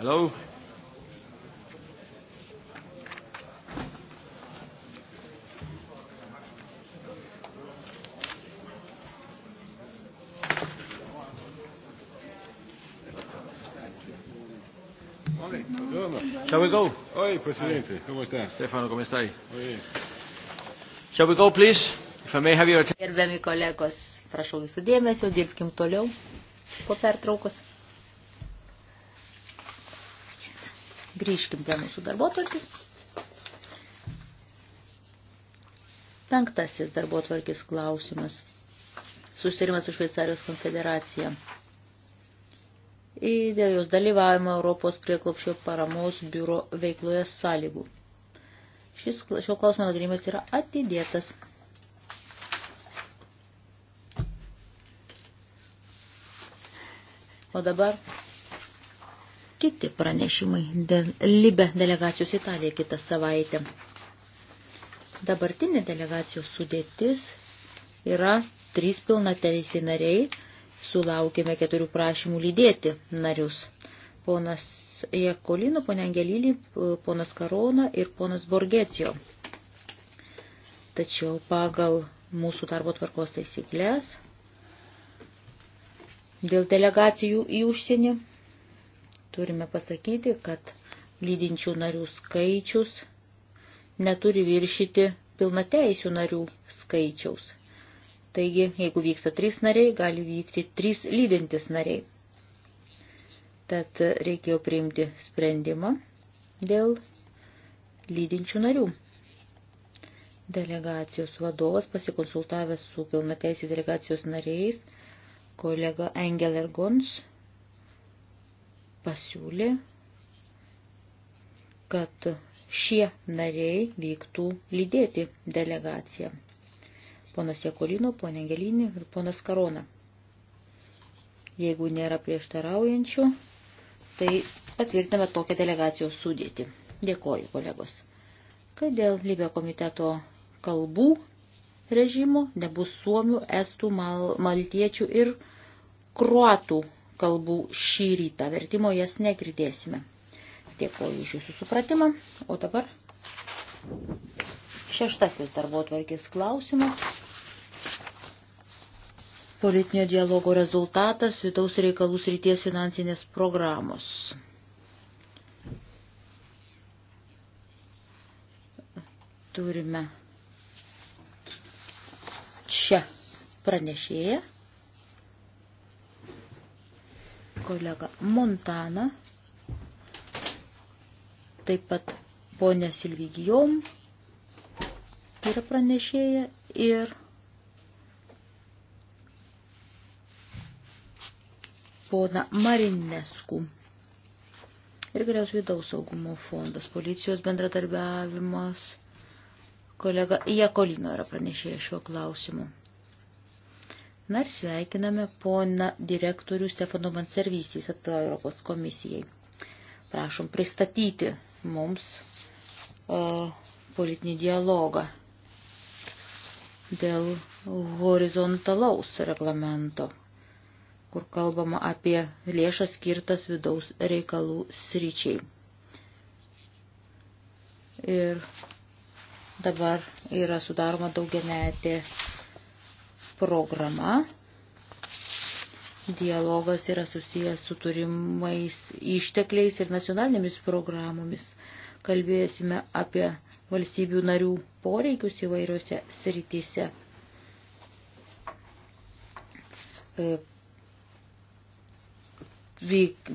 Hello. Shall we go? Oi, Presidente, come sta? Stefano, come stai? Oi. Shall we go, please? If I may have your attention. Gerbiami kolegos, prašau visų dėmesio, dirbkim toliau po pertraukos. grįžkim prie mūsų darbotvarkės. Penktasis darbotvarkės klausimas. Susitarimas su Šveicarijos konfederacija. Į dėl jos dalyvavimo Europos prieklopščio paramos biuro veikloje sąlygų. Šis, šio klausimo nagrinimas yra atidėtas. O dabar kiti pranešimai dėl Libe delegacijos Italija kitą savaitę. Dabartinė delegacijos sudėtis yra trys pilna teisiai nariai, sulaukėme keturių prašymų lydėti narius. Ponas Jekolino, ponė Angelylį, ponas Karona ir ponas Borgecijo. Tačiau pagal mūsų darbo tvarkos taisyklės dėl delegacijų į užsienį turime pasakyti, kad lydinčių narių skaičius neturi viršyti pilnateisių narių skaičiaus. Taigi, jeigu vyksta trys nariai, gali vykti trys lydintis nariai. Tad reikėjo priimti sprendimą dėl lydinčių narių. Delegacijos vadovas pasikonsultavęs su pilnateisiais delegacijos nariais, kolega Engel Ergons, pasiūlė, kad šie nariai vyktų lydėti delegaciją. Ponas Jekolino, ponė Gelinį ir ponas Karona. Jeigu nėra prieštaraujančių, tai patvirtiname tokią delegacijos sudėtį. Dėkoju, kolegos. Kai dėl Libio komiteto kalbų režimo nebus suomių, estų, mal, maltiečių ir kruatų kalbų šį rytą. Vertimo jas negirdėsime. Dėkuoju iš jūsų supratimą. O dabar šeštasis darbo tvarkės klausimas. Politinio dialogo rezultatas vidaus reikalų srities finansinės programos. Turime čia pranešėją. kolega Montana, taip pat ponė Silvigijom yra pranešėja ir pona Marinesku. Ir galiausiai vidaus saugumo fondas, policijos bendradarbiavimas. Kolega Jakolino yra pranešėję šiuo klausimu. Na ir sveikiname poną direktorių Stefano Manservys, jis atstovauja Europos komisijai. Prašom pristatyti mums o, e, politinį dialogą dėl horizontalaus reglamento, kur kalbama apie lėšas skirtas vidaus reikalų sryčiai. Ir dabar yra sudaroma daugiametė programa. Dialogas yra susijęs su turimais ištekliais ir nacionalinėmis programomis. Kalbėsime apie valstybių narių poreikius įvairiose srityse. E,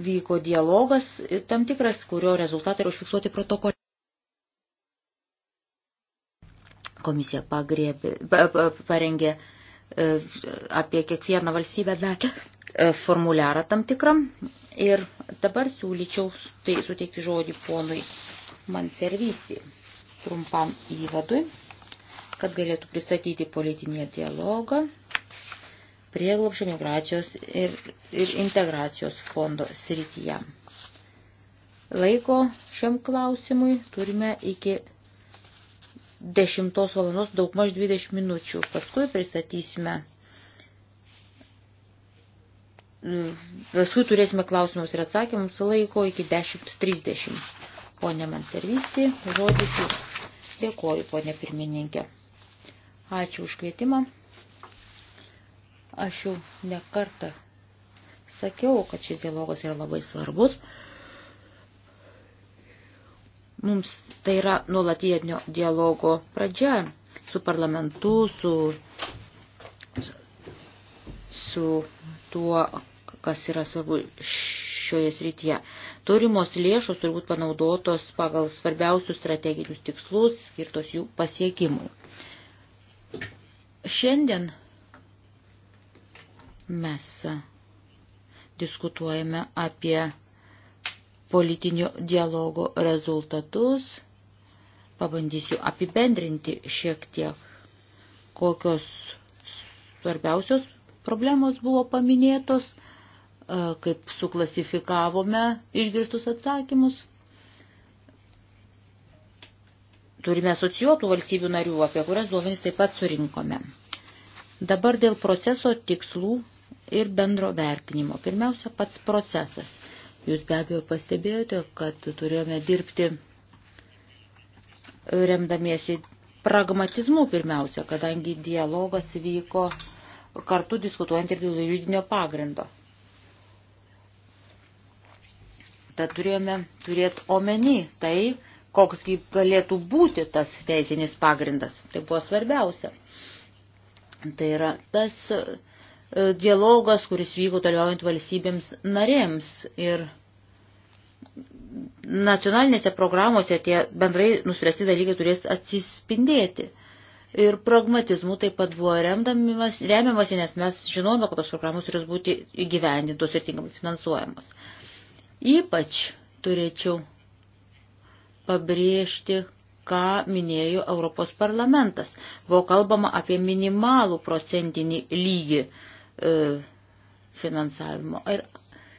vyko dialogas e, tam tikras, kurio rezultatai yra užfiksuoti protokolė. Komisija pagrėbė, pa, pa, parengė apie kiekvieną valstybę narę e, formuliarą tam tikrą. Ir dabar siūlyčiau tai suteikti žodį ponui man servisi trumpam įvadui, kad galėtų pristatyti politinį dialogą prieglobšio migracijos ir, ir integracijos fondo srityje. Laiko šiam klausimui turime iki 10 valandos daugmaž 20 minučių. Paskui pristatysime. Paskui turėsime klausimus ir atsakymus laiko iki 10.30. Pone man servisi, žodis jums. Dėkoju, ponė pirmininkė. Ačiū už kvietimą. Aš jau nekartą sakiau, kad šis dialogas yra labai svarbus. Mums tai yra nuolatinio dialogo pradžia su parlamentu, su, su tuo, kas yra svarbu šioje srityje. Turimos lėšos turbūt panaudotos pagal svarbiausius strateginius tikslus, skirtos jų pasiekimui. Šiandien mes diskutuojame apie politinio dialogo rezultatus. Pabandysiu apibendrinti šiek tiek, kokios svarbiausios problemos buvo paminėtos, e, kaip suklasifikavome išgirstus atsakymus. Turime asociuotų valstybių narių, apie kurias duomenys taip pat surinkome. Dabar dėl proceso tikslų ir bendro vertinimo. Pirmiausia, pats procesas. Jūs be abejo pastebėjote, kad turėjome dirbti remdamiesi pragmatizmu pirmiausia, kadangi dialogas vyko kartu diskutuojant ir dėl juridinio pagrindo. Tad turėjome turėti omeny tai, koks galėtų būti tas teisinis pagrindas. Tai buvo svarbiausia. Tai yra tas E, dialogas, kuris vyko dalyvaujant valstybėms narėms. Ir nacionalinėse programuose tie bendrai nuspręsti dalykai turės atsispindėti. Ir pragmatizmu taip pat buvo remdamas, remiamas, nes mes žinome, kad tos programos turės būti įgyvendintos ir tinkamai finansuojamos. Ypač turėčiau pabrėžti, ką minėjo Europos parlamentas. Buvo kalbama apie minimalų procentinį lygį E, finansavimo. Ir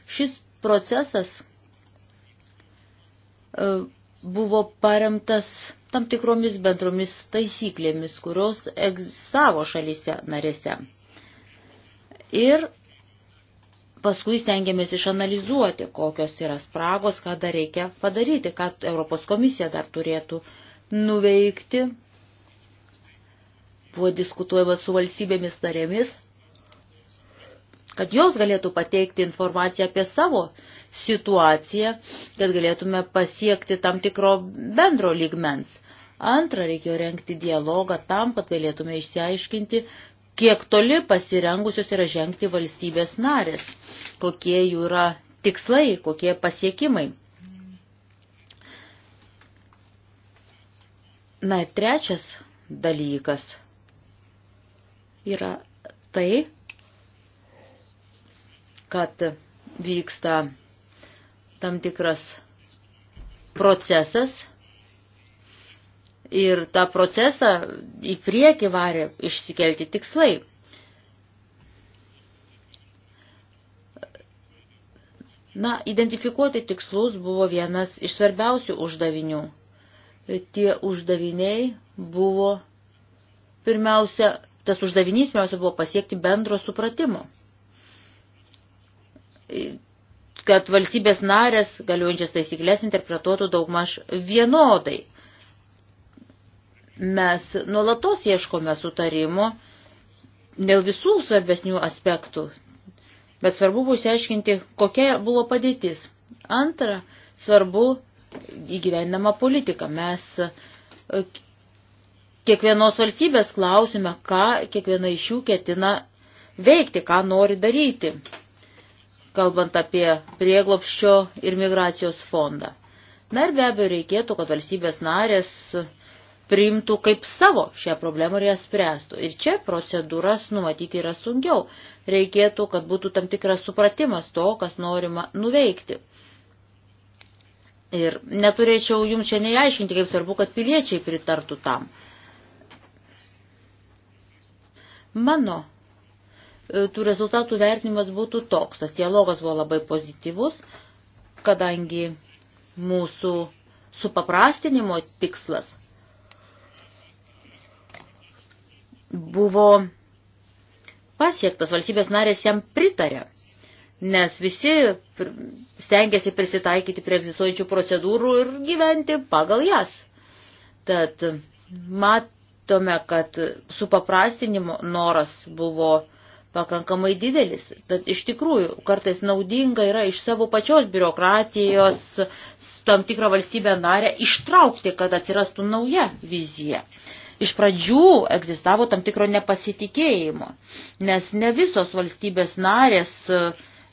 šis procesas e, buvo paremtas tam tikromis bendromis taisyklėmis, kurios egzistavo šalyse narėse. Ir paskui stengiamės išanalizuoti, kokios yra spragos, ką dar reikia padaryti, ką Europos komisija dar turėtų nuveikti. Buvo diskutuojama su valstybėmis narėmis kad jos galėtų pateikti informaciją apie savo situaciją, kad galėtume pasiekti tam tikro bendro lygmens. Antra, reikėjo renkti dialogą tam, kad galėtume išsiaiškinti, kiek toli pasirengusios yra žengti valstybės narės, kokie jų yra tikslai, kokie pasiekimai. Na ir trečias dalykas yra tai, kad vyksta tam tikras procesas ir tą procesą į priekį varė išsikelti tikslai. Na, identifikuoti tikslus buvo vienas iš svarbiausių uždavinių. Tie uždaviniai buvo pirmiausia, tas uždavinys pirmiausia buvo pasiekti bendro supratimo kad valstybės narės galiuojančias taisyklės interpretuotų daugmaž vienodai. Mes nuolatos ieškome sutarimo dėl visų svarbesnių aspektų, bet svarbu buvo išsiaiškinti, kokia buvo padėtis. Antra, svarbu įgyvendama politika. Mes e, kiekvienos valstybės klausime, ką kiekviena iš jų ketina veikti, ką nori daryti kalbant apie prieglopščio ir migracijos fondą. Na ir be abejo reikėtų, kad valstybės narės priimtų kaip savo šią problemą ir ją spręstų. Ir čia procedūras numatyti yra sunkiau. Reikėtų, kad būtų tam tikras supratimas to, kas norima nuveikti. Ir neturėčiau jums čia neaiškinti, kaip svarbu, kad piliečiai pritartų tam. Mano E, tų rezultatų vertinimas būtų toks. Tas dialogas buvo labai pozityvus, kadangi mūsų supaprastinimo tikslas buvo pasiektas, valstybės narės jam pritarė, nes visi stengiasi prisitaikyti prie egzistuojančių procedūrų ir gyventi pagal jas. Tad matome, kad supaprastinimo noras buvo pakankamai didelis. Tad iš tikrųjų kartais naudinga yra iš savo pačios biurokratijos tam tikrą valstybę narę ištraukti, kad atsirastų nauja vizija. Iš pradžių egzistavo tam tikro nepasitikėjimo, nes ne visos valstybės narės e,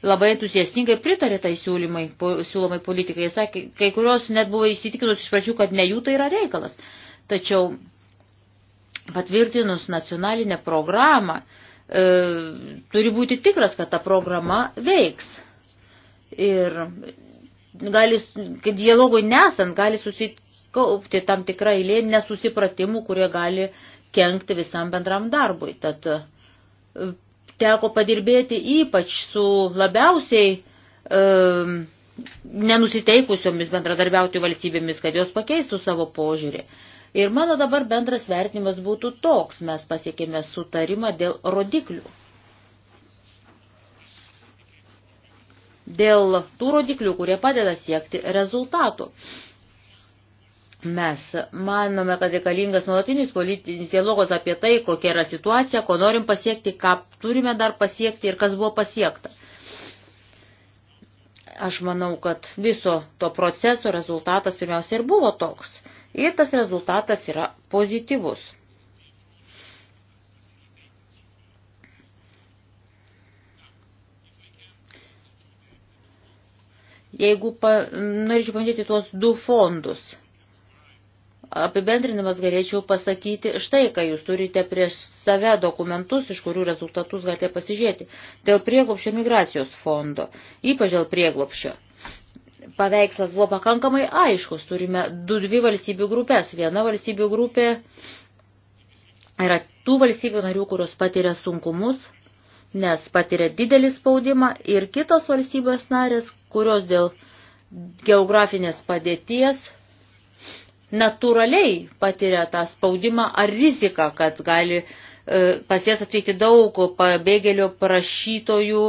labai entuziastingai pritarė tai siūlymai, po, siūlomai politikai. Sakė, kai kurios net buvo įsitikinus iš pradžių, kad ne jų tai yra reikalas. Tačiau patvirtinus nacionalinę programą, uh, e, turi būti tikras, kad ta programa veiks. Ir gali, kad dialogui nesant, gali susikaupti tam tikrą eilė nesusipratimų, kurie gali kenkti visam bendram darbui. Tad e, teko padirbėti ypač su labiausiai e, nenusiteikusiomis bendradarbiauti valstybėmis, kad jos pakeistų savo požiūrį. Ir mano dabar bendras vertinimas būtų toks, mes pasiekėme sutarimą dėl rodiklių. Dėl tų rodiklių, kurie padeda siekti rezultatų. Mes manome, kad reikalingas nuolatinis politinis dialogas apie tai, kokia yra situacija, ko norim pasiekti, ką turime dar pasiekti ir kas buvo pasiekta. Aš manau, kad viso to proceso rezultatas pirmiausia ir buvo toks ir tas rezultatas yra pozityvus. Jeigu pa, norėčiau pamatyti tuos du fondus, apibendrinamas galėčiau pasakyti štai, ką jūs turite prieš save dokumentus, iš kurių rezultatus galite pasižiūrėti, dėl prieglopščio migracijos fondo, ypač dėl prieglopščio paveikslas buvo pakankamai aiškus. Turime du dvi valstybių grupės. Viena valstybių grupė yra tų valstybių narių, kurios patiria sunkumus, nes patiria didelį spaudimą ir kitos valstybės narės, kurios dėl geografinės padėties natūraliai patiria tą spaudimą ar riziką, kad gali e, pas jas atvykti daug pabėgėlių prašytojų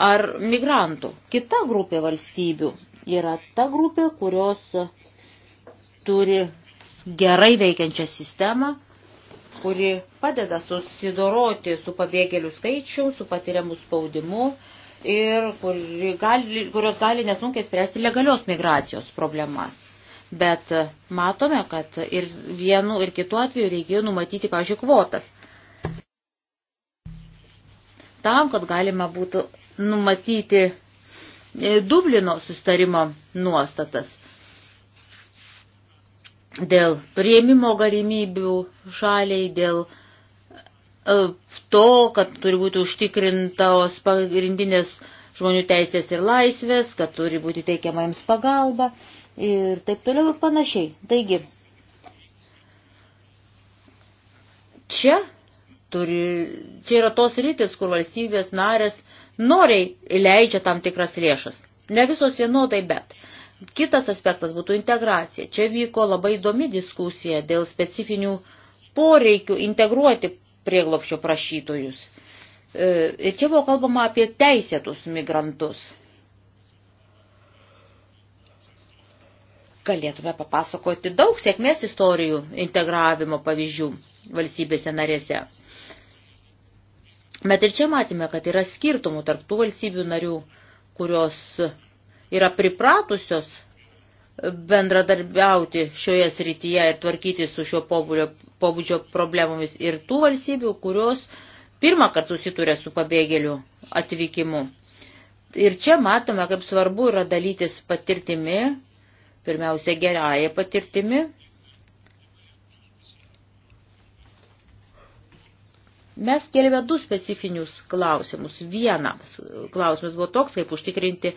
ar migrantų. Kita grupė valstybių yra ta grupė, kurios turi gerai veikiančią sistemą, kuri padeda susidoroti su pabėgėlių skaičiu, su patiriamu spaudimu ir kuri gali, kurios gali nesunkiai spręsti legalios migracijos problemas. Bet matome, kad ir vienu ir kitu atveju reikėjo numatyti, pažiūrėjau, kvotas. Tam, kad galima būtų numatyti E, Dublino sustarimo nuostatas dėl prieimimo galimybių šaliai, dėl e, to, kad turi būti užtikrintos pagrindinės žmonių teisės ir laisvės, kad turi būti teikiama jiems pagalba ir taip toliau ir panašiai. Taigi, čia, turi, čia yra tos rytis, kur valstybės narės uh, noriai leidžia tam tikras lėšas. Ne visos vienodai, bet. Kitas aspektas būtų integracija. Čia vyko labai įdomi diskusija dėl specifinių poreikių integruoti prieglopščio prašytojus. E, ir čia buvo kalbama apie teisėtus migrantus. Galėtume papasakoti daug sėkmės istorijų integravimo pavyzdžių valstybėse narėse. Bet ir čia matėme, kad yra skirtumų tarp tų valstybių narių, kurios yra pripratusios bendradarbiauti šioje srityje ir tvarkyti su šio pobūdžio, pobūdžio problemomis ir tų valstybių, kurios pirmą kartą susituria su pabėgėlių atvykimu. Ir čia matome, kaip svarbu yra dalytis patirtimi, pirmiausia gerąją patirtimi, Mes kėlėme du specifinius klausimus. Vienas klausimas buvo toks, kaip užtikrinti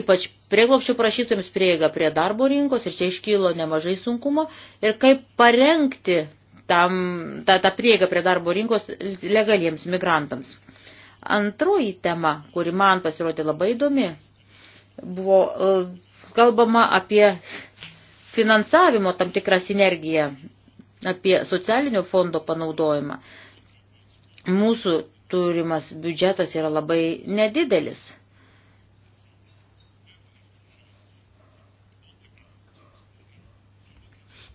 ypač prieglopščių prašytojams prieigą prie darbo rinkos ir čia iškylo nemažai sunkumo ir kaip parengti tam, tą, tą prieigą prie darbo rinkos legaliems migrantams. Antroji tema, kuri man pasirodė labai įdomi, buvo e, kalbama apie finansavimo tam tikrą sinergiją, apie socialinio fondo panaudojimą. Mūsų turimas biudžetas yra labai nedidelis.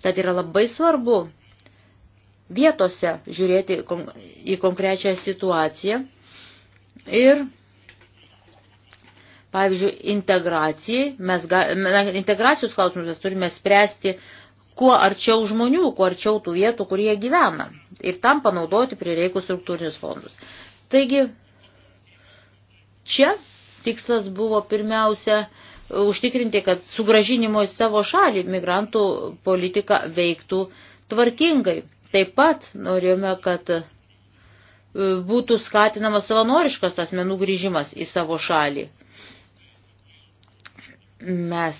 Tad yra labai svarbu vietose žiūrėti į konkrečią situaciją ir Pavyzdžiui, integracijai, mes ga, integracijos klausimus mes turime spręsti kuo arčiau žmonių, kuo arčiau tų vietų, kur jie gyvena ir tam panaudoti prireikus struktūrinius fondus. Taigi, čia tikslas buvo pirmiausia užtikrinti, kad sugražinimo į savo šalį migrantų politika veiktų tvarkingai. Taip pat norėjome, kad e, būtų skatinamas savanoriškas asmenų grįžimas į savo šalį. Mes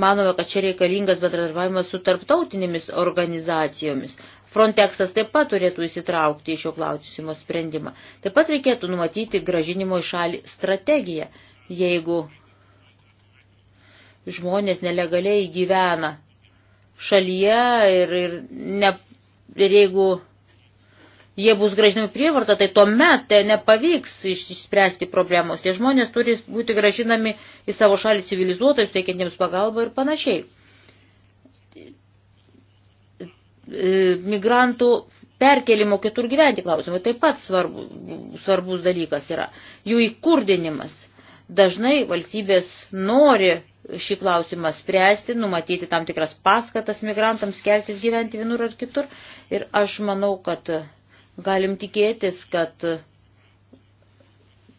Manome, kad čia reikalingas bendradarbiavimas su tarptautinėmis organizacijomis. Frontexas taip pat turėtų įsitraukti į šio klausimo sprendimą. Taip pat reikėtų numatyti gražinimo į šalį strategiją, jeigu žmonės nelegaliai gyvena šalyje ir, ir, ne, ir jeigu jie bus gražinami prievartą, tai tuomet tai nepavyks išspręsti problemos. Tie žmonės turi būti gražinami į savo šalį civilizuotai, suteikiantiems pagalbą ir panašiai. E, migrantų perkelimo kitur gyventi klausimai taip pat svarbu, svarbus dalykas yra. Jų įkurdinimas. Dažnai valstybės nori šį klausimą spręsti, numatyti tam tikras paskatas migrantams keltis gyventi vienur ar kitur. Ir aš manau, kad galim tikėtis, kad,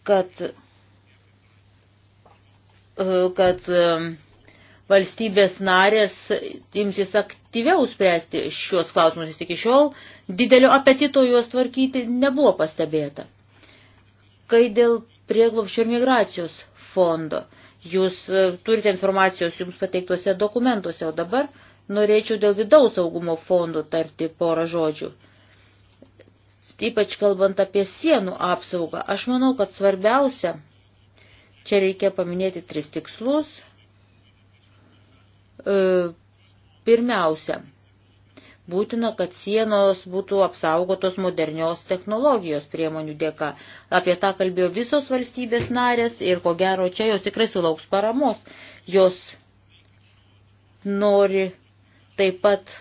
kad, kad um, valstybės narės imsis aktyviau spręsti šiuos klausimus, nes iki šiol didelio apetito juos tvarkyti nebuvo pastebėta. Kai dėl prieglobščio ir migracijos fondo, jūs e, turite informacijos jums pateiktuose dokumentuose, o dabar norėčiau dėl vidaus saugumo fondų tarti porą žodžių ypač kalbant apie sienų apsaugą, aš manau, kad svarbiausia, čia reikia paminėti tris tikslus. E, pirmiausia, būtina, kad sienos būtų apsaugotos modernios technologijos priemonių dėka. Apie tą kalbėjo visos valstybės narės ir ko gero čia jos tikrai sulauks paramos. Jos nori taip pat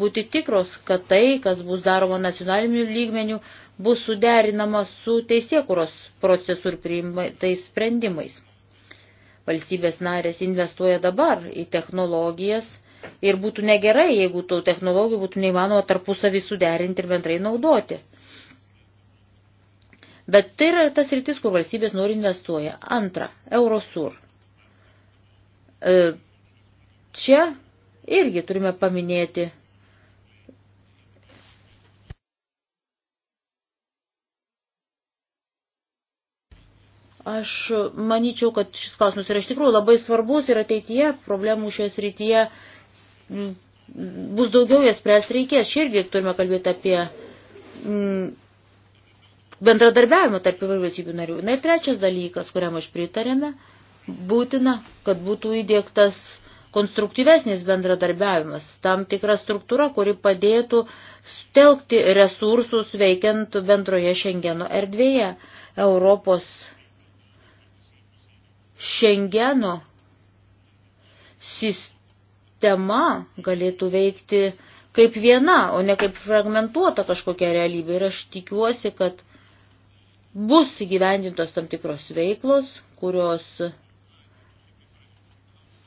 būti tikros, kad tai, kas bus daroma nacionaliniu lygmeniu, bus suderinama su teisėkuros procesu ir priimtais sprendimais. Valstybės narės investuoja dabar į technologijas ir būtų negerai, jeigu tų technologijų būtų neįmanoma tarpusavį suderinti ir bendrai naudoti. Bet tai yra tas rytis, kur valstybės nori investuoja. Antra, Eurosur. E, čia irgi turime paminėti Aš manyčiau, kad šis klausimas yra iš tikrųjų labai svarbus ir ateityje problemų šioje srityje mm, bus daugiau jas spręs reikės. Šia irgi turime kalbėti apie mm, bendradarbiavimą tarp įvairių valstybių narių. Na ir trečias dalykas, kuriam aš pritarėme, būtina, kad būtų įdėktas konstruktyvesnis bendradarbiavimas, tam tikra struktūra, kuri padėtų telkti resursus veikiant bendroje Šengeno erdvėje. Europos Šengeno sistema galėtų veikti kaip viena, o ne kaip fragmentuota kažkokia realybė. Ir aš tikiuosi, kad bus įgyvendintos tam tikros veiklos, kurios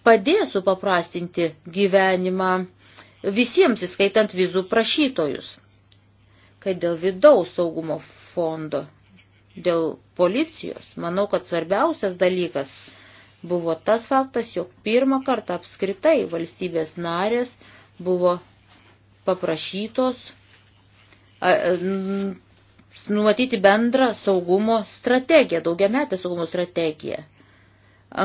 padės supaprastinti gyvenimą visiems, įskaitant vizų prašytojus. Kai dėl vidaus saugumo fondo dėl policijos, manau, kad svarbiausias dalykas buvo tas faktas, jog pirmą kartą apskritai valstybės narės buvo paprašytos e, numatyti bendrą saugumo strategiją, daugiametę saugumo strategiją.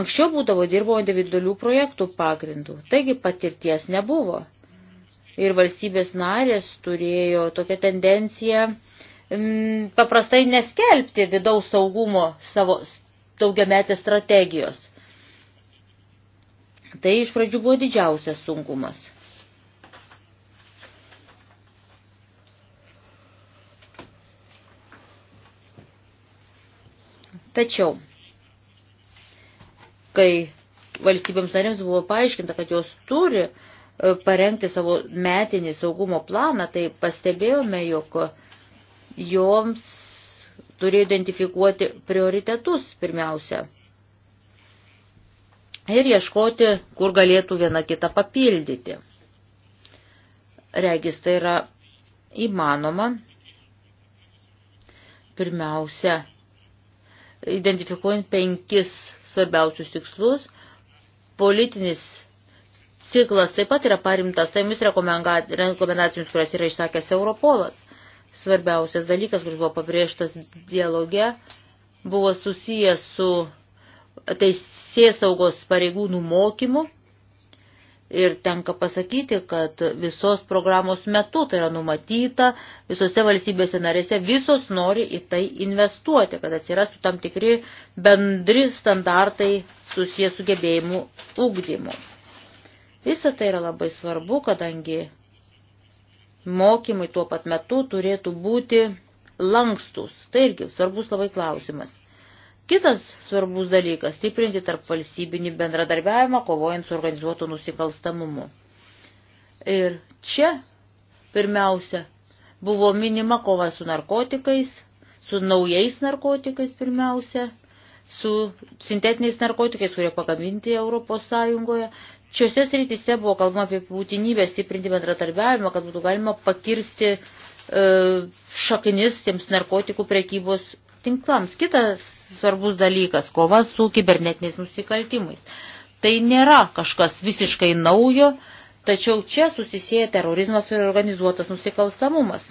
Anksčiau būdavo dirbo individualių projektų pagrindų, taigi patirties nebuvo. Ir valstybės narės turėjo tokią tendenciją paprastai neskelbti vidaus saugumo savo daugiametės strategijos. Tai iš pradžių buvo didžiausias sunkumas. Tačiau, kai valstybėms narėms buvo paaiškinta, kad jos turi e, parengti savo metinį saugumo planą, tai pastebėjome, jog joms turėjo identifikuoti prioritetus pirmiausia ir ieškoti, kur galėtų viena kitą papildyti. Regis tai yra įmanoma. Pirmiausia, identifikuojant penkis svarbiausius tikslus, politinis ciklas taip pat yra parimtas tomis rekomendacijomis, kurias yra išsakęs Europolas svarbiausias dalykas, kuris buvo pabrėžtas dialoge, buvo susijęs su teisės saugos pareigūnų mokymu. Ir tenka pasakyti, kad visos programos metu tai yra numatyta, visose valstybėse narėse visos nori į tai investuoti, kad atsirastų tam tikri bendri standartai susijęs su gebėjimu ugdymu. Visą tai yra labai svarbu, kadangi mokymai tuo pat metu turėtų būti lankstus. Tai irgi svarbus labai klausimas. Kitas svarbus dalykas – stiprinti tarp valstybinį bendradarbiavimą, kovojant su organizuotu nusikalstamumu. Ir čia, pirmiausia, buvo minima kova su narkotikais, su naujais narkotikais pirmiausia, su sintetiniais narkotikais, kurie pagaminti Europos Sąjungoje, Šiuose srityse buvo kalbama apie būtinybę stiprinti bendratarbiavimą, kad būtų galima pakirsti e, šaknis tiems narkotikų prekybos tinklams. Kitas svarbus dalykas – kova su kibernetiniais nusikaltimais. Tai nėra kažkas visiškai naujo, tačiau čia susisėja terorizmas ir organizuotas nusikalstamumas.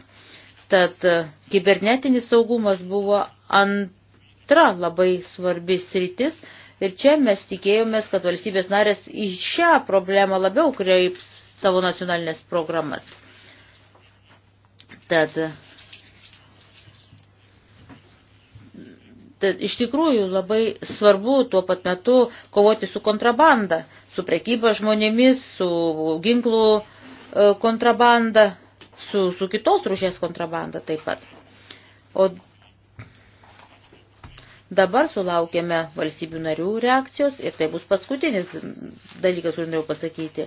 Tad e, kibernetinis saugumas buvo antra labai svarbi sritis – Ir čia mes tikėjomės, kad valstybės narės į šią problemą labiau kreips savo nacionalinės programas. Tad, tad iš tikrųjų labai svarbu tuo pat metu kovoti su kontrabanda, su prekyba žmonėmis, su ginklų e, kontrabanda, su, su kitos rūšės kontrabanda taip pat. O Dabar sulaukėme valstybių narių reakcijos ir tai bus paskutinis dalykas, kurį noriu pasakyti.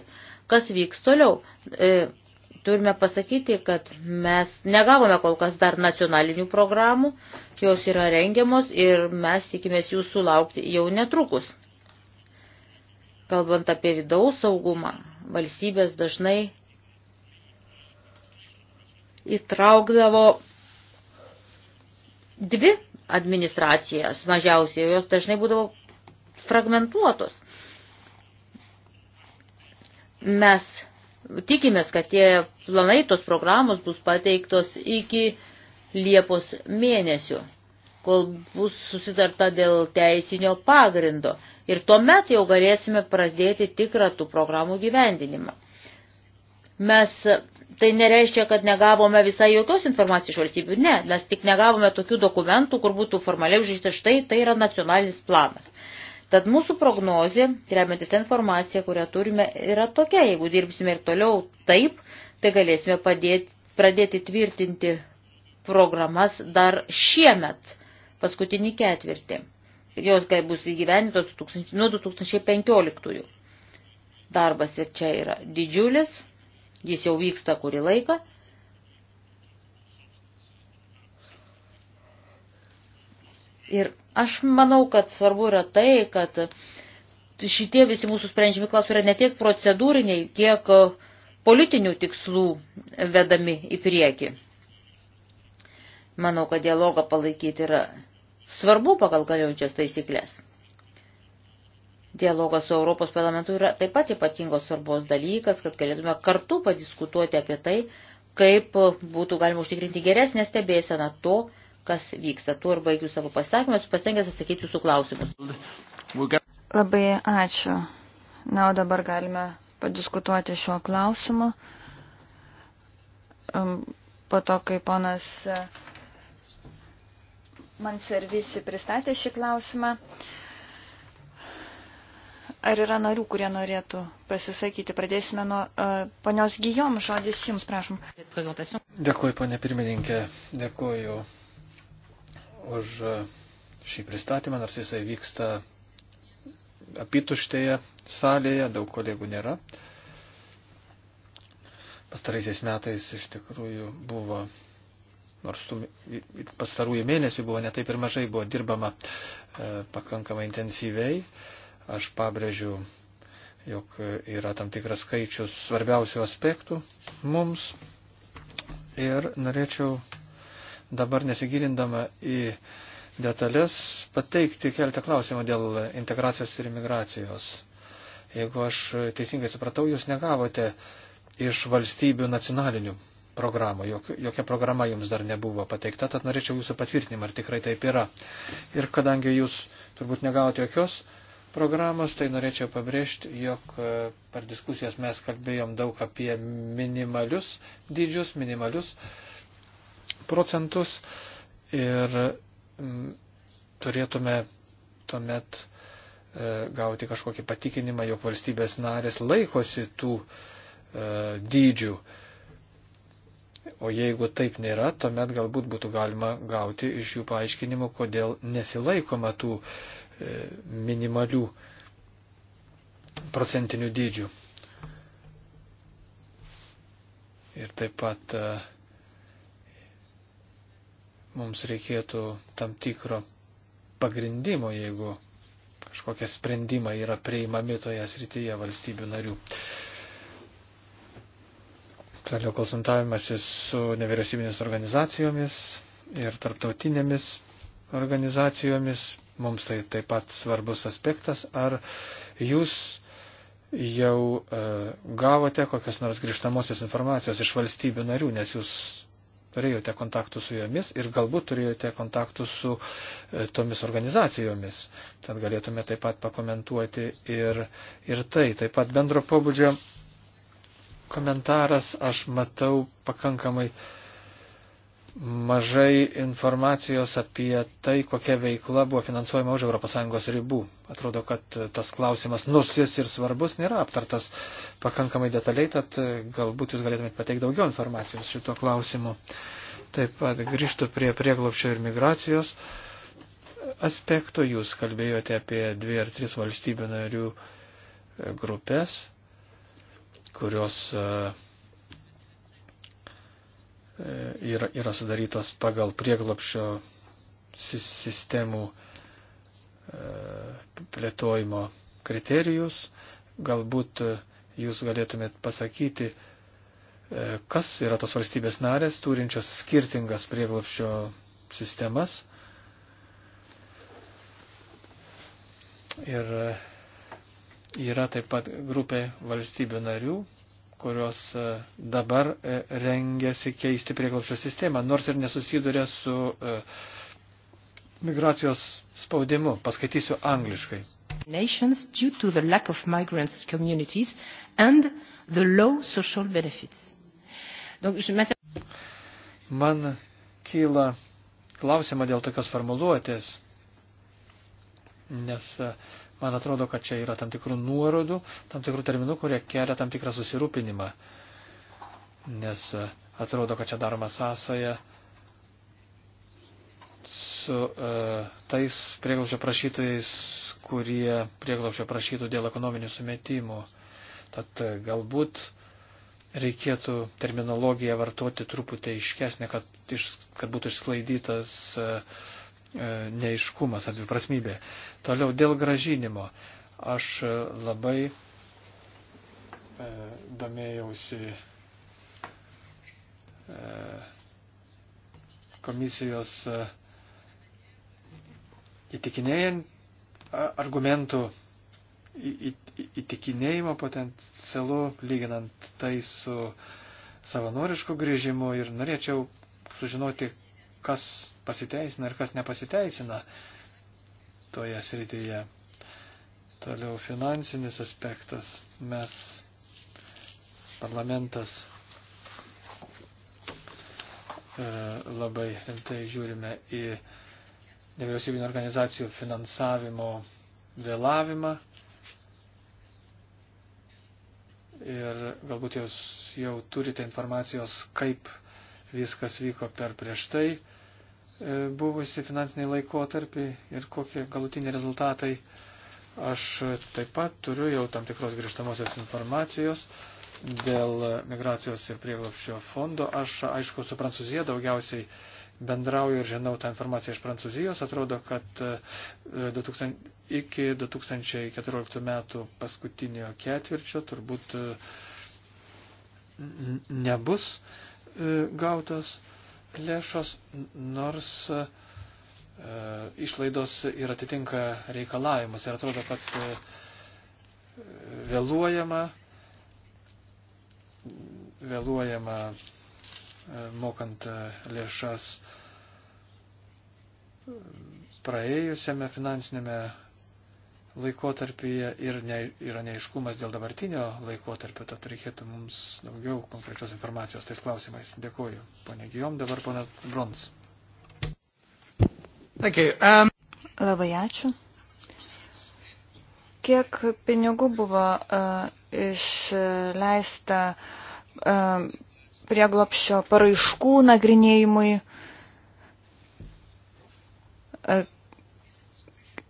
Kas vyks toliau? E, turime pasakyti, kad mes negavome kol kas dar nacionalinių programų, jos yra rengiamos ir mes tikimės jų sulaukti jau netrukus. Kalbant apie vidaus saugumą, valstybės dažnai įtraukdavo dvi administracijas mažiausiai, jos dažnai būdavo fragmentuotos. Mes tikimės, kad tie planai, tos programos bus pateiktos iki Liepos mėnesių, kol bus susitarta dėl teisinio pagrindo. Ir tuomet jau galėsime pradėti tikrą tų programų gyvendinimą. Mes tai nereiškia, kad negavome visai jokios informacijos iš valstybių. Ne, mes tik negavome tokių dokumentų, kur būtų formaliai užrašyta štai, tai yra nacionalinis planas. Tad mūsų prognozė, remiantis informacija, kurią turime, yra tokia. Jeigu dirbsime ir toliau taip, tai galėsime padėti, pradėti tvirtinti programas dar šiemet, paskutinį ketvirtį. Jos gai bus įgyvenintos nuo 2015. Darbas ir čia yra didžiulis, Jis jau vyksta kurį laiką. Ir aš manau, kad svarbu yra tai, kad šitie visi mūsų sprendžiami klausimai yra ne tiek procedūriniai, kiek politinių tikslų vedami į priekį. Manau, kad dialogą palaikyti yra svarbu pagal galiojančias taisyklės. Dialogas su Europos parlamentu yra taip pat ypatingos svarbos dalykas, kad galėtume kartu padiskutuoti apie tai, kaip būtų galima užtikrinti geresnę stebėseną to, kas vyksta. Tuo ir baigiu savo pasakymą, esu pasirengęs atsakyti jūsų klausimus. Labai ačiū. Na, o dabar galime padiskutuoti šiuo klausimu. Po to, kai ponas e, man servisi pristatė šį klausimą, Ar yra narių, kurie norėtų pasisakyti? Pradėsime nuo uh, ponios Gijom, žodis jums, prašom. Dėkuoju, ponė pirmininkė, dėkuoju už e, šį pristatymą, nors jisai vyksta apituštėje salėje, daug kolegų nėra. Pastaraisiais metais iš tikrųjų buvo nors tų pastarųjų mėnesių buvo netaip ir mažai, buvo dirbama e, pakankamai intensyviai. Aš pabrėžiu, jog yra tam tikras skaičius svarbiausių aspektų mums. Ir norėčiau dabar nesigilindama į detalės pateikti keltą klausimą dėl integracijos ir imigracijos. Jeigu aš teisingai supratau, jūs negavote iš valstybių nacionalinių programų, jok, jokia programa jums dar nebuvo pateikta, tad norėčiau jūsų patvirtinimą, ar tikrai taip yra. Ir kadangi jūs turbūt negavote jokios programos, tai norėčiau pabrėžti, jog e, per diskusijas mes kalbėjom daug apie minimalius dydžius, minimalius procentus ir turėtume tuomet e, gauti kažkokį patikinimą, jog valstybės narės laikosi tų e, dydžių. O jeigu taip nėra, tuomet galbūt būtų galima gauti iš jų paaiškinimų, kodėl nesilaikoma tų uh, E, minimalių procentinių dydžių. Ir taip pat e, mums reikėtų tam tikro pagrindimo, jeigu kažkokie sprendimai yra prieimami toje srityje valstybių narių. Toliau konsultavimasis su nevyriausybinės organizacijomis ir tarptautinėmis organizacijomis mums tai taip pat svarbus aspektas. Ar jūs jau e, gavote kokios nors grįžtamosios informacijos iš valstybių narių, nes jūs turėjote kontaktų su jomis ir galbūt turėjote kontaktų su e, tomis organizacijomis. Tad galėtume taip pat pakomentuoti ir, ir tai. Taip pat bendro pobūdžio komentaras aš matau pakankamai e, mažai informacijos apie tai, kokia veikla buvo finansuojama už ES ribų. Atrodo, kad tas klausimas, nors jis ir svarbus, nėra aptartas pakankamai detaliai, tad galbūt jūs galėtumėte pateikti daugiau informacijos šituo klausimu. Taip pat grįžtų prie prieglopščio ir migracijos aspektų. Jūs kalbėjote apie dvi ar tris valstybių narių grupės, kurios uh, E, yra, yra sudarytos pagal prieglopšio sistemų e, plėtojimo kriterijus. Galbūt e, jūs galėtumėt pasakyti, kas yra tos valstybės narės, turinčios skirtingas prieglopščio sistemas. Ir yra taip pat grupė valstybių narių, kurios e, dabar e, rengiasi keisti prieglopščio sistemą, nors ir nesusiduria su e, migracijos spaudimu. Paskaitysiu angliškai. Nations due to the lack of migrants communities and the low social benefits. Donc, je Man kyla klausimą dėl tokios formuluotės, nes Man atrodo, kad čia yra tam tikrų nuorodų, tam tikrų terminų, kurie kelia tam tikrą susirūpinimą. Nes e, atrodo, kad čia daroma sąsoja su e, tais prieglaušio prašytojais, kurie prieglaušio prašytų dėl ekonominių sumetimų. Tad e, galbūt reikėtų terminologiją vartoti truputį iškesnė, kad, iš, kad būtų išsklaidytas e, E, neiškumas ar dviprasmybė. Toliau dėl gražinimo. Aš e, labai e, domėjausi komisijos įtikinėjant argumentų įtikinėjimo potencialu, lyginant tai su savanorišku grįžimu ir norėčiau sužinoti, kas pasiteisina ir kas nepasiteisina toje srityje. Toliau finansinis aspektas. Mes, parlamentas, e, labai rimtai žiūrime į nevyriausybinio organizacijų finansavimo vėlavimą. Ir galbūt jūs jau turite informacijos, kaip viskas vyko per prieš tai e, buvusi finansinį laikotarpį ir kokie galutiniai rezultatai. Aš taip pat turiu jau tam tikros grįžtamosios informacijos dėl migracijos ir prieglapščio fondo. Aš, aišku, su Prancūzija daugiausiai bendrauju ir žinau tą informaciją iš Prancūzijos. Atrodo, kad 2000, e, iki 2014 metų paskutinio ketvirčio turbūt nebus uh, E, gautos lėšos, nors e, išlaidos ir atitinka reikalavimus. Ir atrodo, kad e, vėluojama, vėluojama mokant lėšas praėjusiame finansinėme laikotarpyje ir ne, yra neiškumas dėl dabartinio laikotarpio, tad reikėtų mums daugiau konkrečios informacijos tais klausimais. Dėkuoju. Pone Gijom, dabar pone Brons. Um... Labai ačiū. Kiek pinigų buvo uh, išleista uh, prieglopščio paraiškų nagrinėjimui? Uh,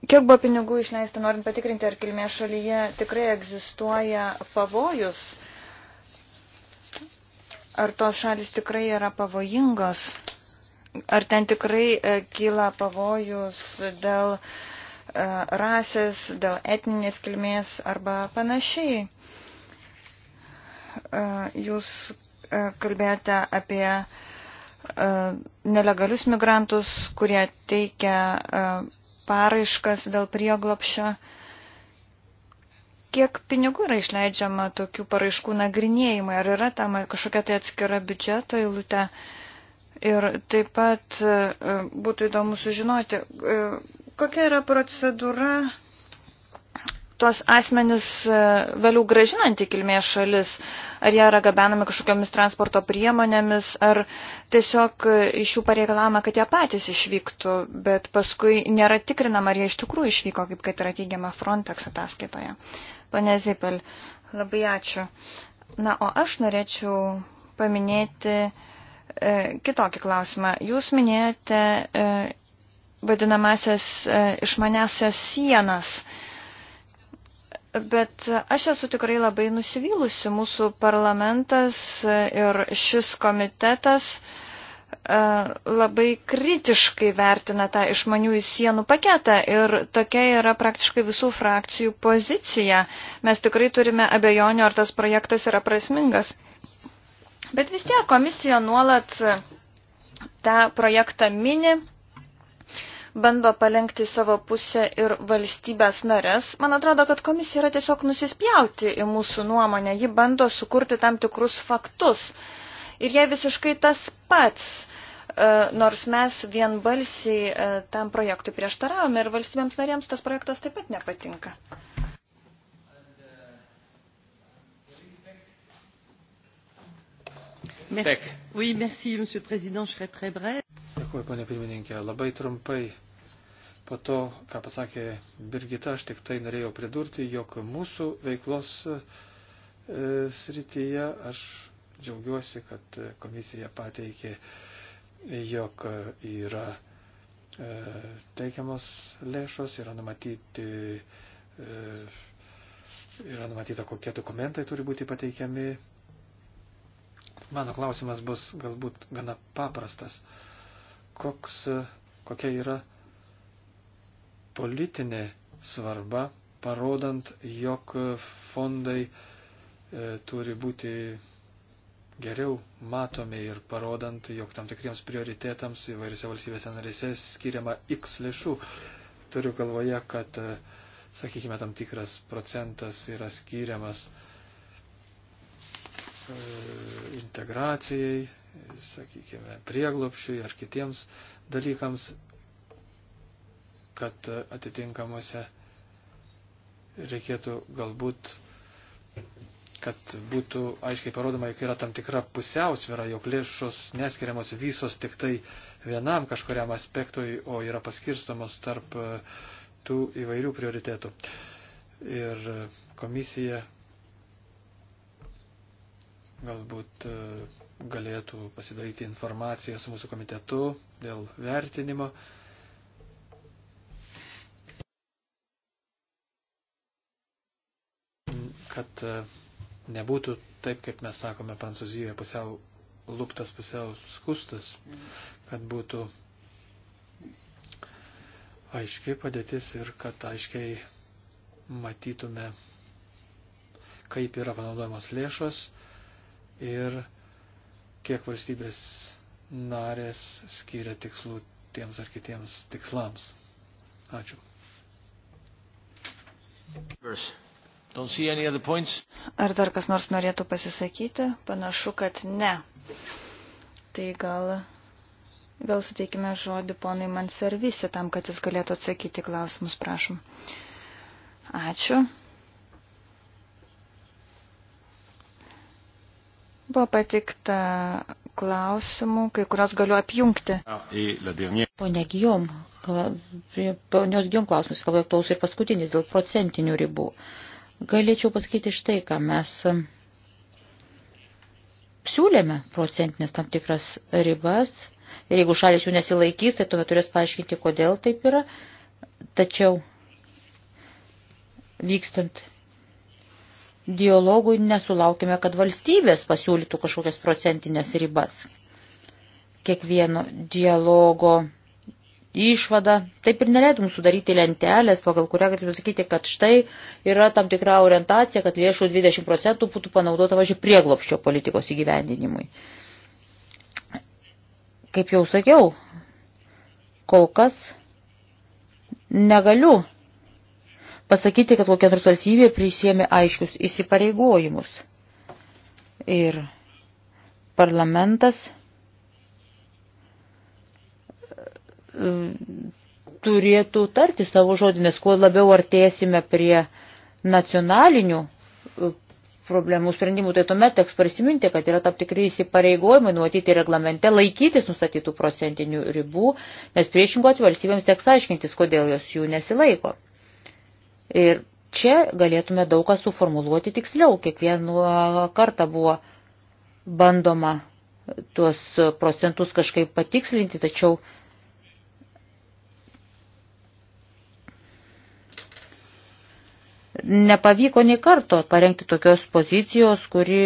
Kiek buvo pinigų išleista, norint patikrinti, ar kilmės šalyje tikrai egzistuoja pavojus? Ar tos šalis tikrai yra pavojingos? Ar ten tikrai e, kyla pavojus dėl e, rasės, dėl etninės kilmės arba panašiai? E, jūs e, kalbėjote apie e, nelegalius migrantus, kurie teikia. E, paraiškas dėl prieglopšio. Kiek pinigų yra išleidžiama tokių paraiškų nagrinėjimui? Ar yra tam kažkokia tai atskira biudžeto eilutė? Ir taip pat e, būtų įdomu sužinoti, e, kokia yra procedūra tuos asmenis e, vėliau gražinant į kilmės šalis, ar jie yra gabenami kažkokiamis transporto priemonėmis, ar tiesiog e, iš jų pareikalama, kad jie patys išvyktų, bet paskui nėra tikrinama, ar jie iš tikrųjų išvyko, kaip kad yra teigiama Frontex ataskaitoje. Pane Zipel, labai ačiū. Na, o aš norėčiau paminėti e, kitokį klausimą. Jūs minėjote e, vadinamasias e, išmanesias sienas. E, Bet aš esu tikrai labai nusivylusi. Mūsų parlamentas ir šis komitetas e, labai kritiškai vertina tą išmaniųjų sienų paketą ir tokia yra praktiškai visų frakcijų pozicija. Mes tikrai turime abejonių, ar tas projektas yra prasmingas. Bet vis tiek komisija nuolat tą projektą mini bando palenkti savo pusę ir valstybės narės. Man atrodo, kad komisija yra tiesiog nusispjauti į mūsų nuomonę. Ji bando sukurti tam tikrus faktus. Ir jie visiškai tas pats, e, nors mes vienbalsiai e, tam projektui prieštaravome ir valstybėms narėms tas projektas taip pat nepatinka. Merci. Oui, merci, Monsieur le Président. Je serai très brève. Dėkuoju, ponė pirmininkė. Labai trumpai po to, ką pasakė Birgita, aš tik tai norėjau pridurti, jog mūsų veiklos e, srityje aš džiaugiuosi, kad komisija pateikė, jog yra e, teikiamos lėšos, yra numatyti. E, Yra numatyta, kokie dokumentai turi būti pateikiami. Mano klausimas bus galbūt gana paprastas. E, koks, kokia yra politinė svarba, parodant, jog fondai e, turi būti geriau matomi ir parodant, jog tam tikriems prioritetams įvairiose valstybėse narėse skiriama X lėšų. Turiu galvoje, kad, e, sakykime, tam tikras procentas yra skiriamas e, integracijai sakykime, prieglopšiui ar kitiems dalykams, kad atitinkamuose reikėtų galbūt, kad būtų aiškiai parodoma, jog yra tam tikra pusiausvėra, jog lėšos neskiriamos visos tik tai vienam kažkuriam aspektui, o yra paskirstomos tarp tų įvairių prioritėtų. Ir komisija galbūt e, galėtų pasidaryti informaciją su mūsų komitetu dėl vertinimo. Kad e, nebūtų taip, kaip mes sakome Prancūzijoje, pusiau luptas, pusiau skustas, kad būtų aiškiai padėtis ir kad aiškiai matytume, kaip yra panaudojamos lėšos, ir kiek valstybės narės skiria tikslų tiems ar kitiems tikslams. Ačiū. Ar dar kas nors norėtų pasisakyti? Panašu, kad ne. Tai gal vėl suteikime žodį ponui man servisi tam, kad jis galėtų atsakyti klausimus, prašom. Ačiū. Buvo patikta klausimų, kai kurios galiu apjungti. Pone Gijom, ponios Gijom klausimas, labai aktuolus ir paskutinis dėl procentinių ribų. Galėčiau pasakyti štai, ką mes um, siūlėme procentinės tam tikras ribas ir jeigu šalis jų nesilaikys, tai tuomet turės paaiškinti, kodėl taip yra. Tačiau vykstant dialogui nesulaukime, kad valstybės pasiūlytų kažkokias procentinės ribas. Kiekvieno dialogo išvada, taip ir neleitum sudaryti lentelės, pagal kurią galėtum sakyti, kad štai yra tam tikra orientacija, kad lėšų 20 procentų būtų panaudota, važiuoju, prieglopščio politikos įgyvendinimui. Kaip jau sakiau, kol kas negaliu pasakyti, kad kokia nors valstybė prisėmė aiškius įsipareigojimus. Ir parlamentas e, turėtų tarti savo žodį, nes kuo labiau artėsime prie nacionalinių e, problemų sprendimų, tai tuomet teks prisiminti, kad yra tam tikrai įsipareigojimai numatyti reglamente laikytis nustatytų procentinių ribų, nes priešingų atveju valstybėms teks aiškintis, kodėl jos jų nesilaiko. Ir čia galėtume daug ką suformuluoti tiksliau. Kiekvieną kartą buvo bandoma tuos procentus kažkaip patikslinti, tačiau nepavyko nei karto parengti tokios pozicijos, kuri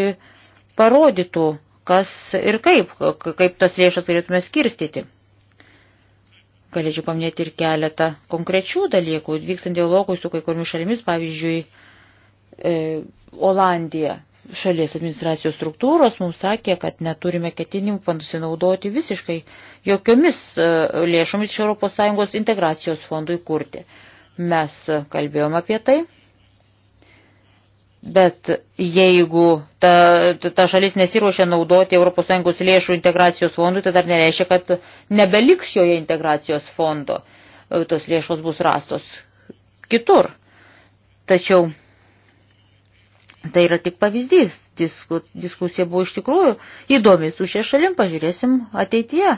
parodytų, kas ir kaip, kaip tas lėšas galėtume skirstyti. Galėčiau paminėti ir keletą konkrečių dalykų, vykstant dialogui su kai kuriomis šalimis, pavyzdžiui, e, Olandija. Šalies administracijos struktūros mums sakė, kad neturime ketinimų pasinaudoti visiškai jokiomis e, lėšomis iš ES integracijos fondų įkurti. Mes kalbėjome apie tai, Bet jeigu ta, ta šalis nesiruošia naudoti ES lėšų integracijos fondų, tai dar nereiškia, kad nebeliks joje integracijos fondo. Tos lėšos bus rastos kitur. Tačiau tai yra tik pavyzdys. Disku, diskusija buvo iš tikrųjų įdomi su šia šalim, pažiūrėsim ateityje,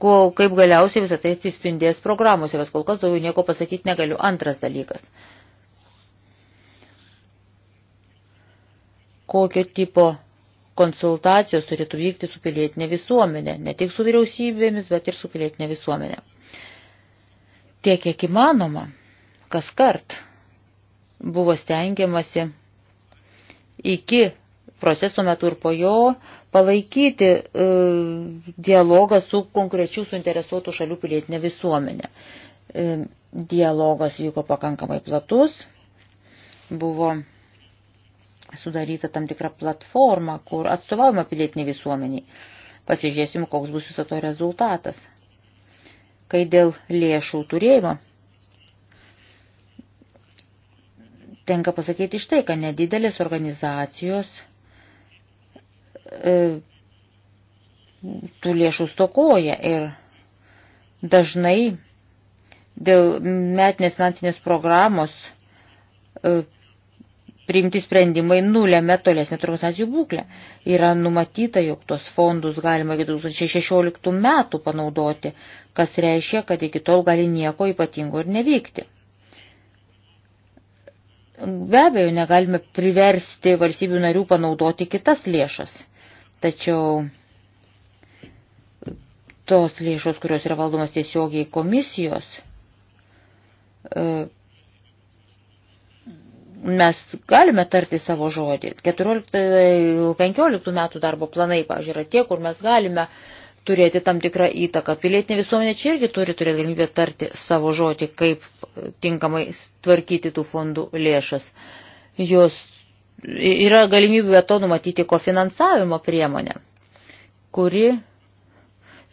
ko, kaip galiausiai visą tai atsispindės programuose, nes kol kas daugiau nieko pasakyti negaliu. Antras dalykas. Uh, kokio tipo konsultacijos turėtų vykti su pilietinė visuomenė, ne tik su vyriausybėmis, bet ir su pilietinė visuomenė. Tiek, kiek įmanoma, kas kart buvo stengiamasi iki proceso metu ir po jo palaikyti e, dialogą su konkrečių suinteresuotų šalių pilietinė visuomenė. E, dialogas vyko pakankamai platus, buvo sudaryta tam tikra platforma, kur atstovaujama pilietinė visuomeniai. Pasižiūrėsim, koks bus viso to rezultatas. Kai dėl lėšų turėjimo, tenka pasakyti iš tai, kad nedidelės organizacijos e, tų lėšų stokoja ir dažnai dėl metinės finansinės programos e, priimti sprendimai nulėmė tolesnį organizacijų būklę. Yra numatyta, jog tuos fondus galima iki 2016 metų panaudoti, kas reiškia, kad iki tol gali nieko ypatingo ir neveikti. Be abejo, negalime priversti valstybių narių panaudoti kitas lėšas, tačiau tos lėšos, kurios yra valdomas tiesiogiai komisijos, e, mes galime tarti savo žodį. 14-15 metų darbo planai, pavyzdžiui, yra tie, kur mes galime turėti tam tikrą įtaką. Pilietinė visuomenė čia irgi turi turėti galimybę tarti savo žodį, kaip tinkamai tvarkyti tų fondų lėšas. Jos yra galimybė to numatyti kofinansavimo priemonę, kuri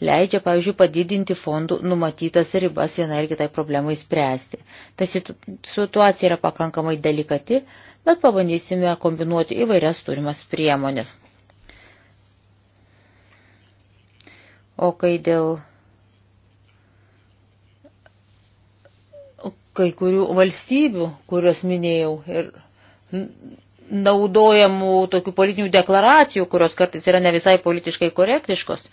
leidžia, pavyzdžiui, padidinti fondų numatytas ribas vienai ir kitai problemai spręsti. Ta situacija yra pakankamai delikati, bet pabandysime kombinuoti įvairias turimas priemonės. O kai dėl kai kurių valstybių, kurios minėjau, ir naudojamų tokių politinių deklaracijų, kurios kartais yra ne visai politiškai korektiškos,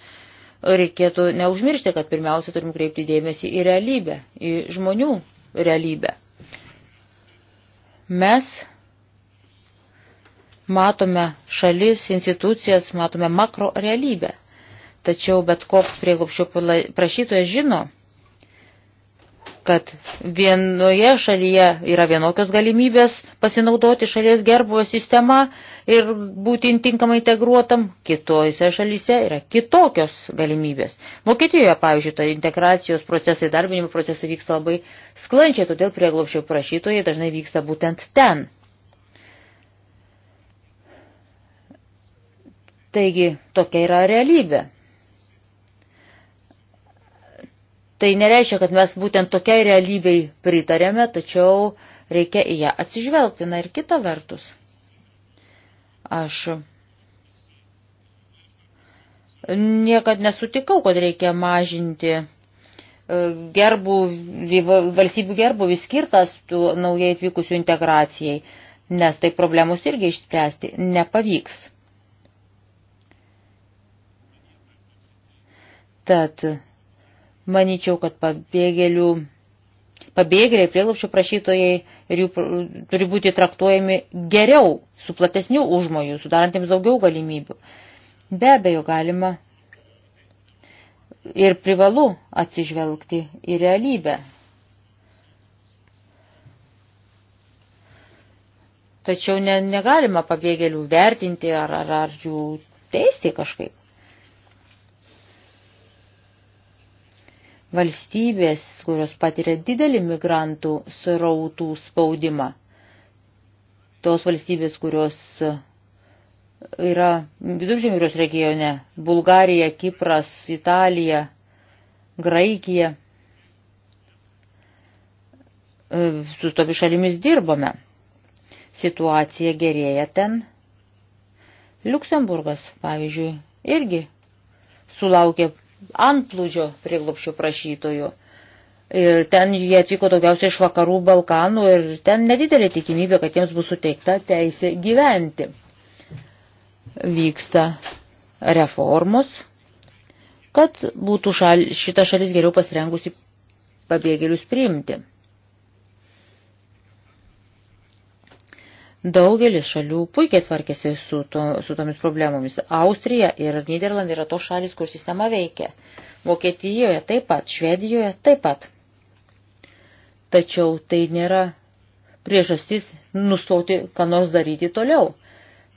reikėtų neužmiršti, kad pirmiausia turim kreipti dėmesį į realybę, į žmonių realybę. Mes matome šalis, institucijas, matome makro realybę. Tačiau bet koks prieglopščio prašytojas žino, kad vienoje šalyje yra vienokios galimybės pasinaudoti šalies gerbuvo sistema, ir būti intinkamai integruotam, kitose šalyse yra kitokios galimybės. Vokietijoje, pavyzdžiui, ta integracijos procesai, darbinimo procesai vyksta labai sklančiai, todėl prieglobščio prašytojai dažnai vyksta būtent ten. Taigi, tokia yra realybė. Tai nereiškia, kad mes būtent tokiai realybei pritarėme, tačiau reikia į ją atsižvelgti. Na ir kita vertus. Aš niekad nesutikau, kad reikia mažinti e, gerbų, valstybių gerbų vis skirtas tų naujai atvykusių integracijai, nes tai problemus irgi išspręsti nepavyks. Tad manyčiau, kad pabėgėlių pabėgėliai, prieglapščių prašytojai ir jų turi būti traktuojami geriau, su platesniu užmoju, sudarantiems daugiau galimybių. Be abejo, galima ir privalu atsižvelgti į realybę. Tačiau ne, negalima pabėgėlių vertinti ar, ar, ar jų teisti kažkaip. valstybės, kurios patiria didelį migrantų srautų spaudimą. Tos valstybės, kurios yra viduržėmirios regione - Bulgarija, Kipras, Italija, Graikija. Su tomis šalimis dirbame. Situacija gerėja ten. Liuksemburgas, pavyzdžiui, irgi sulaukė antplūdžio prieglopščių prašytojų. Ir ten jie atvyko daugiausiai iš vakarų Balkanų ir ten nedidelė tikimybė, kad jiems bus suteikta teisė gyventi. Vyksta reformos, kad būtų šal, šita šalis geriau pasirengusi pabėgėlius priimti. Daugelis šalių puikiai tvarkėsi su, to, su tomis problemomis. Austrija ir Niderlandai yra to šalis, kur sistema veikia. Vokietijoje taip pat, Švedijoje taip pat. Tačiau tai nėra priežastis nustoti, ką nors daryti toliau.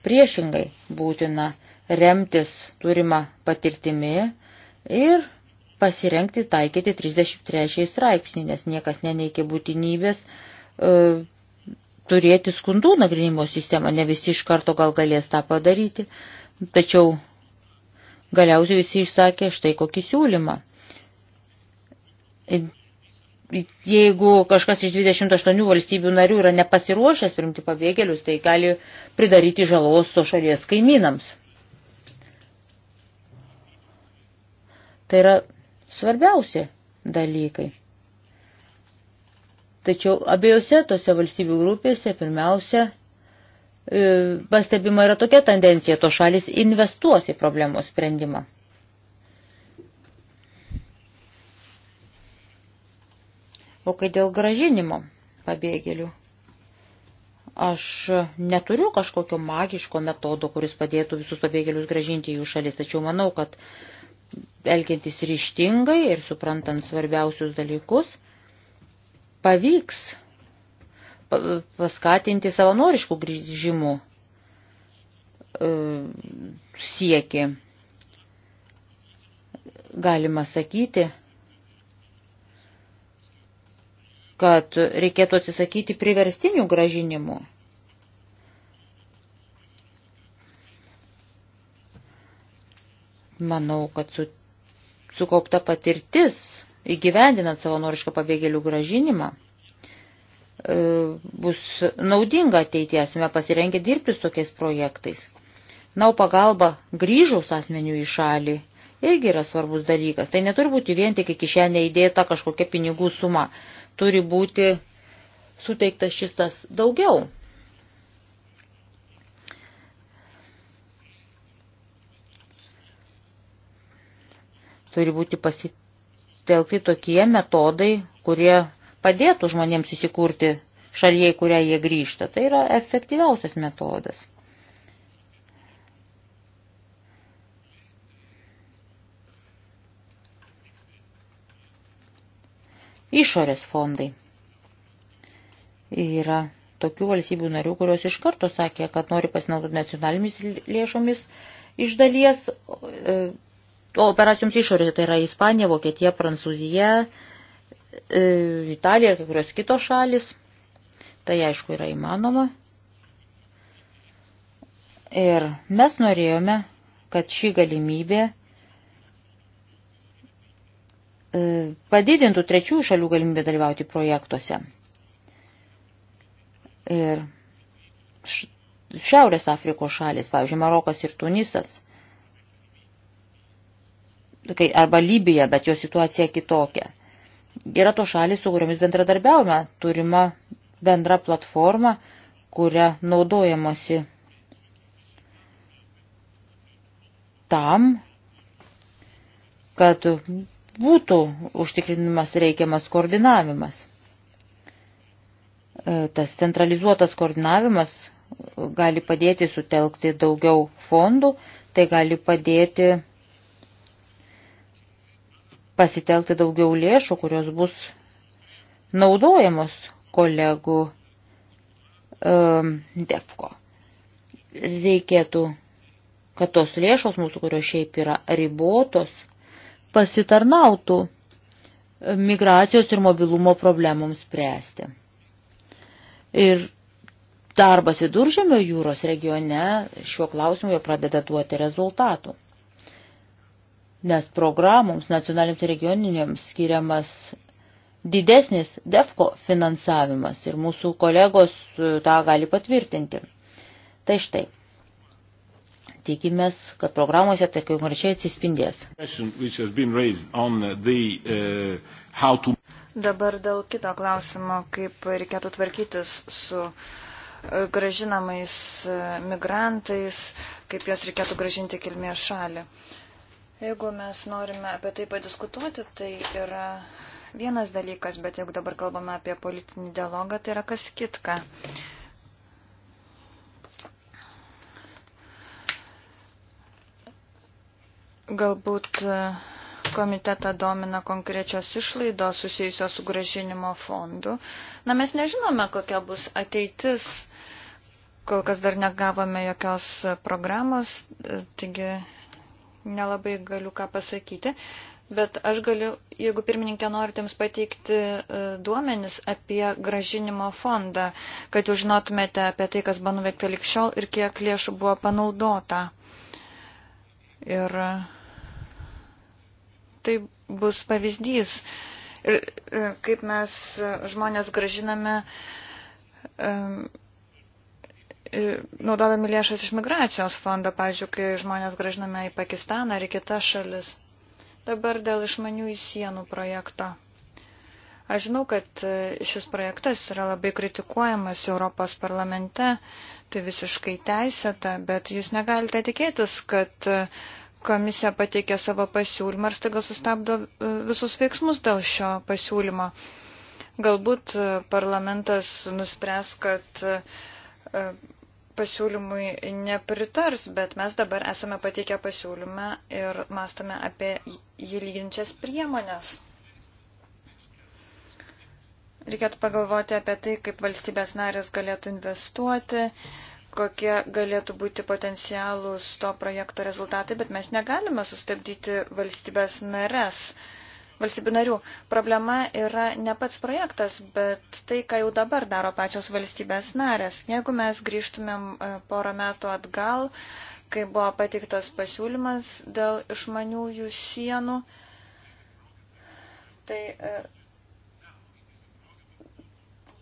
Priešingai būtina remtis turimą patirtimi ir pasirengti taikyti 33 straipsnį, nes niekas neneikė būtinybės e, turėti skundų nagrinimo sistemą, ne visi iš karto gal galės tą padaryti, tačiau galiausiai visi išsakė štai kokį siūlymą. Jeigu kažkas iš 28 valstybių narių yra nepasiruošęs primti pabėgėlius, tai gali pridaryti žalos to šalies kaimynams. Tai yra svarbiausi dalykai. Tačiau abiejose tose valstybių grupėse pirmiausia e, pastebima yra tokia tendencija, to šalis investuos į problemos sprendimą. O kai dėl gražinimo pabėgėlių, aš neturiu kažkokio magiško metodo, kuris padėtų visus pabėgėlius gražinti į jų šalis, tačiau manau, kad elgiantis ryštingai ir suprantant svarbiausius dalykus – pavyks paskatinti savanoriškų grįžimų e, sieki. Galima sakyti, kad reikėtų atsisakyti priverstinių gražinimų. Manau, kad su, sukaupta patirtis įgyvendinant savanorišką pabėgėlių gražinimą, e, bus naudinga ateitie, esame pasirengę dirbti su tokiais projektais. Na, o pagalba grįžus asmenių į šalį irgi yra svarbus dalykas. Tai neturi būti vien tik į kišenę įdėta kažkokia pinigų suma. Turi būti suteiktas šistas daugiau. Turi būti pasitikėjimas pasitelkti tokie metodai, kurie padėtų žmonėms įsikurti šalyje, į kurią jie grįžta. Tai yra efektyviausias metodas. Išorės fondai. Yra tokių valstybių narių, kurios iš karto sakė, kad nori pasinaudoti nacionalimis lėšomis iš dalies. E, operacijoms išorėje, tai yra Ispanija, Vokietija, Prancūzija, e, Italija ir kai kurios kitos šalis. Tai aišku yra įmanoma. Ir mes norėjome, kad ši galimybė e, padidintų trečiųjų šalių galimybę dalyvauti projektuose. Ir Šiaurės Afrikos šalis, pavyzdžiui, Marokas ir Tunisas – arba Libija, bet jo situacija kitokia. Yra to šalis, su kuriomis bendradarbiaujame, turima bendra platforma, kuria naudojamasi tam, kad būtų užtikrinimas reikiamas koordinavimas. E, tas centralizuotas koordinavimas gali padėti sutelkti daugiau fondų, tai gali padėti pasitelkti daugiau lėšų, kurios bus naudojamos kolegų um, DEFCO. Reikėtų, kad tos lėšos mūsų, kurios šiaip yra ribotos, pasitarnautų migracijos ir mobilumo problemoms spręsti. Ir darbas viduržėmio jūros regione šiuo klausimu jau pradeda duoti rezultatų nes programoms nacionaliniams ir regioniniams skiriamas didesnis DEFCO finansavimas ir mūsų kolegos e, tą gali patvirtinti. Tai štai. Tikimės, kad programuose tai konkrečiai atsispindės. E, Dabar dėl kito klausimo, kaip reikėtų tvarkytis su e, gražinamais migrantais, kaip juos reikėtų gražinti kilmės šalį. Uh, Jeigu mes norime apie tai padiskutuoti, tai yra vienas dalykas, bet jeigu dabar kalbame apie politinį dialogą, tai yra kas kitka. Galbūt e, komitetą domina konkrečios išlaidos susijusios su gražinimo fondu. Na, mes nežinome, kokia bus ateitis. Kol kas dar negavome jokios programos, taigi nelabai galiu ką pasakyti, bet aš galiu, jeigu pirmininkė norite jums pateikti e, duomenis apie gražinimo fondą, kad jūs žinotumėte apie tai, kas buvo nuveikta likščiol ir kiek lėšų buvo panaudota. Ir e, tai bus pavyzdys, ir, e, kaip mes žmonės gražiname naudodami lėšas iš migracijos fondo, pavyzdžiui, kai žmonės gražiname į Pakistaną ar į kitas šalis. Dabar dėl išmanių į sienų projekto. Aš žinau, kad e, šis projektas yra labai kritikuojamas Europos parlamente, tai visiškai teisėta, bet jūs negalite tikėtis, kad e, komisija pateikė savo pasiūlymą ir staiga sustabdo e, visus veiksmus dėl šio pasiūlymo. Galbūt parlamentas nuspręs, kad pasiūlymui nepritars, bet mes dabar esame pateikę pasiūlymą ir mastome apie jį lyginčias priemonės. Reikėtų pagalvoti apie tai, kaip valstybės narės galėtų investuoti, kokie galėtų būti potencialūs to projekto rezultatai, bet mes negalime sustabdyti valstybės narės. Uh, valstybių narių. Problema yra ne pats projektas, bet tai, ką jau dabar daro pačios valstybės narės. Jeigu mes grįžtumėm e, porą metų atgal, kai buvo patiktas pasiūlymas dėl išmaniųjų sienų, tai e,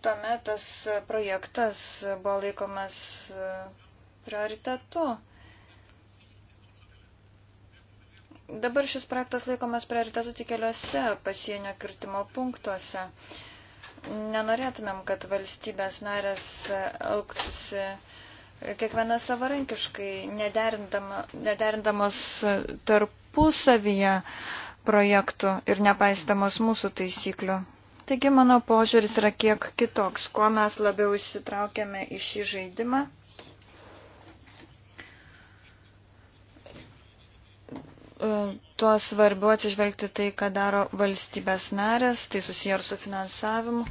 tuomet tas projektas buvo laikomas e, prioritetu. Dabar šis projektas laikomas prioritetu tik keliose pasienio kirtimo punktuose. Nenorėtumėm, kad valstybės narės elgtųsi kiekviena savarankiškai, nederindama, nederindamos tarpusavyje projektų ir nepaistamos mūsų taisyklių. Taigi mano požiūris yra kiek kitoks, kuo mes labiau įsitraukėme į šį žaidimą E, tuo svarbu atsižvelgti tai, ką daro valstybės narės, tai susiję ir su finansavimu.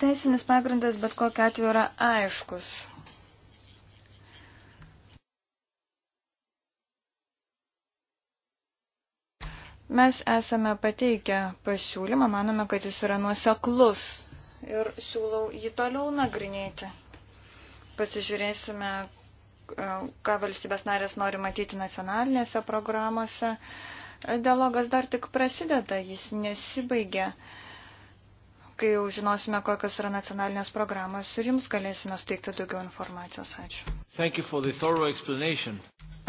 Teisinis pagrindas bet kokia atveju yra aiškus. Mes esame pateikę pasiūlymą, manome, kad jis yra nuoseklus ir siūlau jį toliau nagrinėti. Pasižiūrėsime, E, ką valstybės narės nori matyti nacionalinėse programuose. Dialogas dar tik prasideda, jis nesibaigia. Kai jau žinosime, kokios yra nacionalinės programos ir jums galėsime suteikti daugiau informacijos. Ačiū.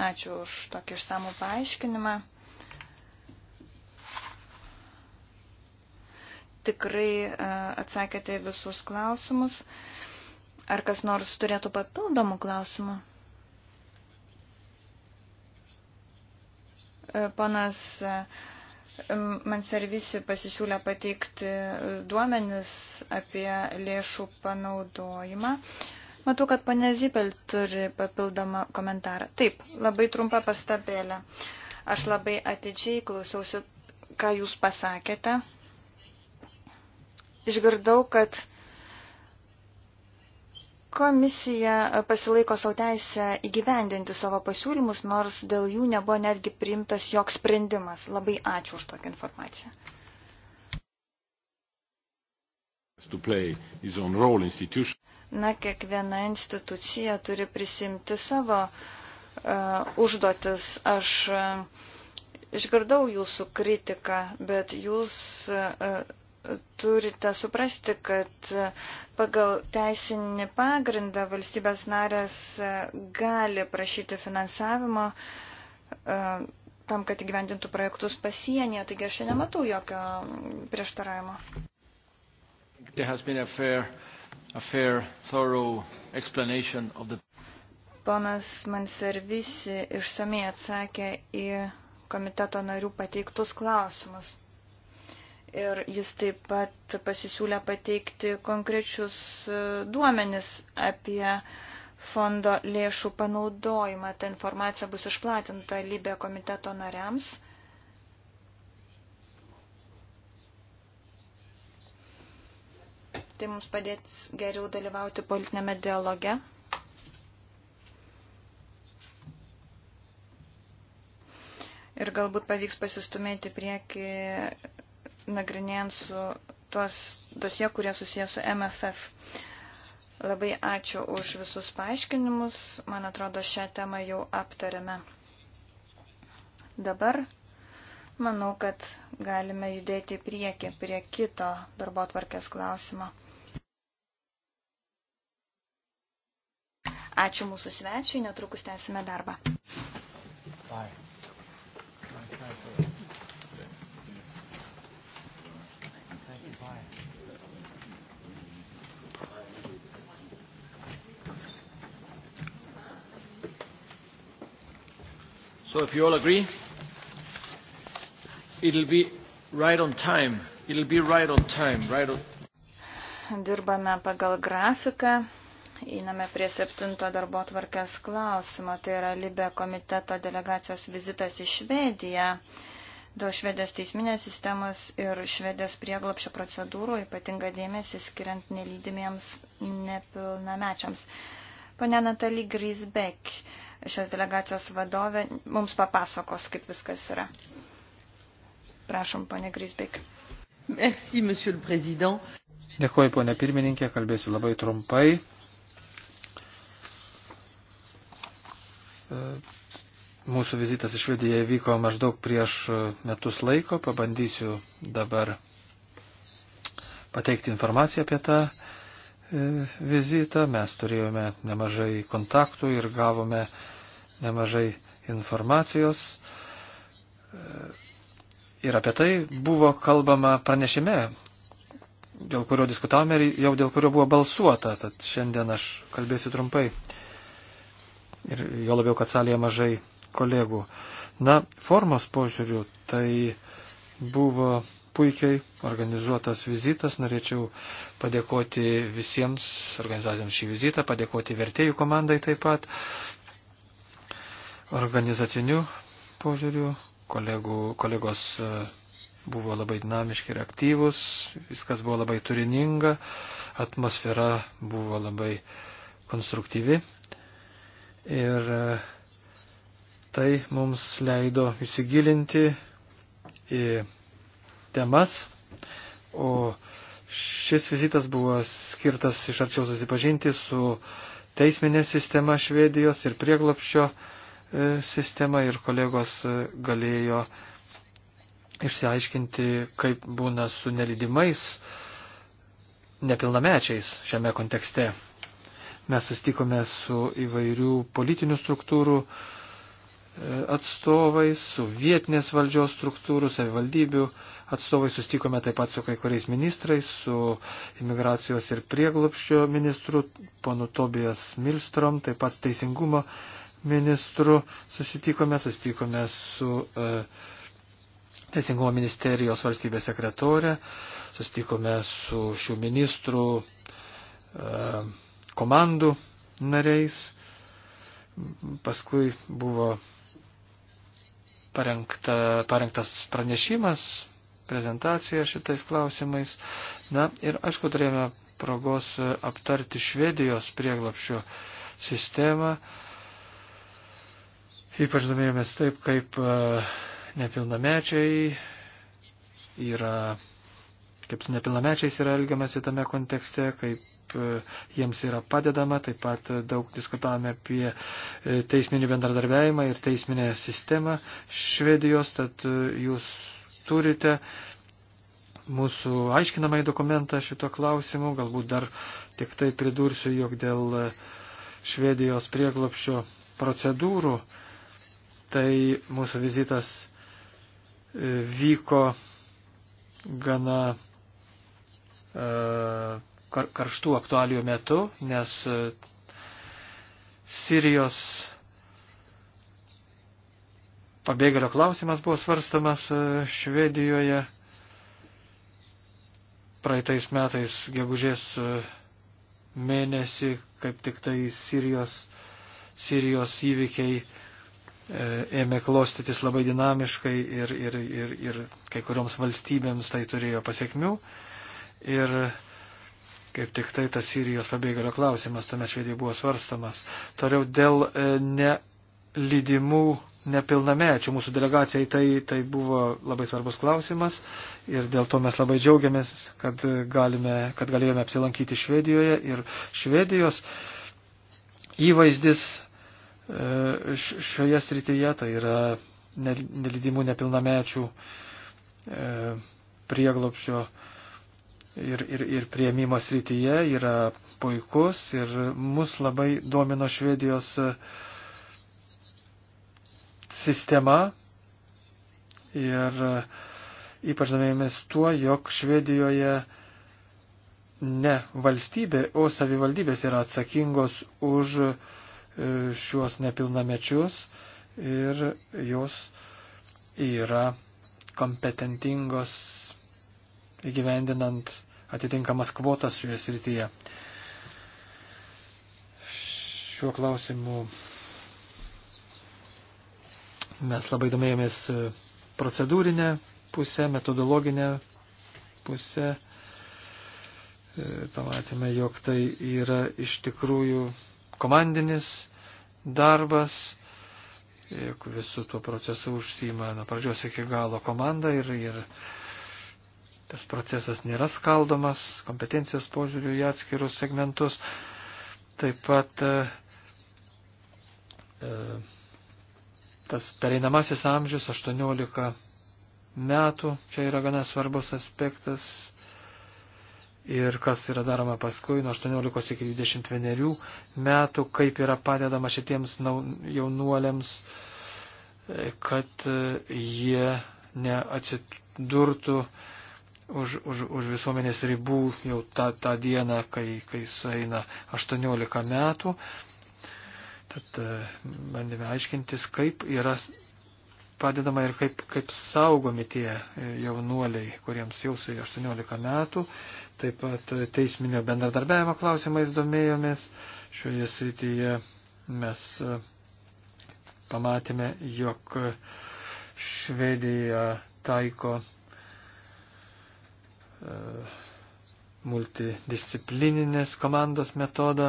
Ačiū už tokį išsamų paaiškinimą. tikrai e, atsakėte visus klausimus. Ar kas nors turėtų papildomų klausimų? Panas e, man servisi pasisiūlė pateikti duomenis apie lėšų panaudojimą. Matau, kad ponė Zipel turi papildomą komentarą. Taip, labai trumpa pastabėlė. Aš labai atidžiai klausiausi, ką jūs pasakėte. Išgirdau, kad Komisija e, pasilaiko savo teisę įgyvendinti savo pasiūlymus, nors dėl jų nebuvo netgi priimtas joks sprendimas. Labai ačiū už tokią informaciją. Na, kiekviena institucija turi prisimti savo uh, užduotis. Aš uh, išgirdau jūsų kritiką, bet jūs uh, turite suprasti, kad pagal teisinį pagrindą valstybės narės gali prašyti finansavimo e, tam, kad įgyvendintų projektus pasienyje, taigi aš nematau jokio prieštaravimo. The... Ponas Manservisi išsamei atsakė į komiteto narių pateiktus klausimus. Ir jis taip pat pasisiūlė pateikti konkrečius e, duomenis apie fondo lėšų panaudojimą. Ta informacija bus išplatinta Libė komiteto nariams. Tai mums padės geriau dalyvauti politinėme dialoge. Ir galbūt pavyks pasistumėti prieki nagrinėjant su tuos dosie, kurie susijęs su MFF. Labai ačiū už visus paaiškinimus. Man atrodo, šią temą jau aptarėme. Dabar manau, kad galime judėti į priekį prie kito darbo tvarkės klausimo. Ačiū mūsų svečiui, netrukus tęsime darbą. Bye. Bye. Bye. So if you all agree, it'll be right on time. It'll be right on time. Right on... Dirbame pagal grafiką. Einame prie septinto darbo tvarkės klausimo. Tai yra Libė komiteto delegacijos vizitas į Švediją dėl švedės teisminės sistemos ir švedės prieglapšio procedūrų, ypatinga dėmesį skiriant nelydimiems nepilnamečiams. Pone Natalie Grisbeck, šios delegacijos vadovė, mums papasakos, kaip viskas yra. Prašom, pone Grisbeck. Merci, monsieur le président. Dėkuoju, ponė pirmininkė, kalbėsiu labai trumpai. E, mūsų vizitas į Švediją vyko maždaug prieš metus laiko. Pabandysiu dabar pateikti informaciją apie tą E, vizitą, mes turėjome nemažai kontaktų ir gavome nemažai informacijos. E, ir apie tai buvo kalbama pranešime, dėl kurio diskutavome ir jau dėl kurio buvo balsuota. Tad šiandien aš kalbėsiu trumpai. Ir jo labiau, kad salėje mažai kolegų. Na, formos požiūrių tai buvo puikiai organizuotas vizitas. Norėčiau padėkoti visiems organizacijams šį vizitą, padėkoti vertėjų komandai taip pat, organizacinių požiūrių, kolegų, kolegos e, buvo labai dinamiški ir aktyvus, viskas buvo labai turininga, atmosfera buvo labai konstruktyvi. Ir e, tai mums leido įsigilinti į temas, o šis vizitas buvo skirtas iš arčiau susipažinti su teisminė sistema Švedijos ir prieglopščio e, sistema ir kolegos e, galėjo išsiaiškinti, kaip būna su nelydimais nepilnamečiais šiame kontekste. Mes sustikome su įvairių politinių struktūrų, atstovais, su vietinės valdžios struktūrų, savivaldybių atstovai sustikome taip pat su kai kuriais ministrais, su imigracijos ir prieglupščio ministru, ponu Tobijas Milstrom, taip pat teisingumo ministru susitikome, susitikome su e, teisingumo ministerijos valstybės sekretorė, susitikome su šių ministrų e, komandų nariais, paskui buvo parengta, parengtas pranešimas, prezentacija šitais klausimais. Na ir aišku, turėjome progos aptarti Švedijos prieglapšio sistemą. Ypač domėjomės taip, kaip e, nepilnamečiai yra, kaip su nepilnamečiais yra elgiamasi tame kontekste, kaip E, jiems yra padedama, taip pat e, daug diskutavome apie e, teisminį bendradarbiavimą ir teisminę sistemą Švedijos, tad jūs turite mūsų aiškinamąjį dokumentą šito klausimu, galbūt dar tik tai pridursiu, jog dėl Švedijos prieglopščio procedūrų, tai mūsų vizitas vyko gana e, kar karštų aktualijų metu, nes e, Sirijos pabėgėlio klausimas buvo svarstamas e, Švedijoje praeitais metais gegužės e, mėnesį, kaip tik tai Sirijos, Sirijos įvykiai ėmė klostytis labai dinamiškai ir, ir, ir, ir kai kurioms valstybėms tai turėjo pasiekmių. Ir Kaip tik tai tas Sirijos pabėgėlio klausimas tuomet švedijoje buvo svarstamas. Toliau dėl e, nelydimų nepilnamečių mūsų delegacijai tai, tai buvo labai svarbus klausimas ir dėl to mes labai džiaugiamės, kad, galime, kad galėjome apsilankyti Švedijoje ir Švedijos įvaizdis e, šioje srityje, tai yra nelydimų nepilnamečių e, prieglopšio ir, ir, ir prieimimo srityje yra puikus ir mus labai domino Švedijos e, sistema ir e, ypač domėjomės tuo, jog Švedijoje ne valstybė, o savivaldybės yra atsakingos už e, šiuos nepilnamečius ir jos yra kompetentingos įgyvendinant atitinkamas kvotas šioje srityje. Šiuo klausimu mes labai domėjomės procedūrinę pusę, metodologinę pusę. E, pamatėme, jog tai yra iš tikrųjų komandinis darbas, jeigu visų tuo procesu užsima nuo pradžios iki galo komanda ir, ir tas procesas nėra skaldomas kompetencijos požiūrių į atskirus segmentus. Taip pat e, e tas pereinamasis amžius 18 metų, čia yra gana svarbus aspektas. Ir kas yra daroma paskui, nuo 18 iki 21 metų, kaip yra padedama šitiems jaunuoliams, e, kad e, jie neatsidurtų uh, už, už, už visuomenės ribų jau tą, tą dieną, kai, kai sueina 18 metų. Tad e, bandėme aiškintis, kaip yra padedama ir kaip, kaip saugomi tie e, jaunuoliai, kuriems jau suėjo 18 metų. Taip pat e, teisminio bendradarbiavimo klausimais domėjomės. Šioje srityje mes pamatėme, jog Švedija taiko E, multidisciplininės komandos metodą.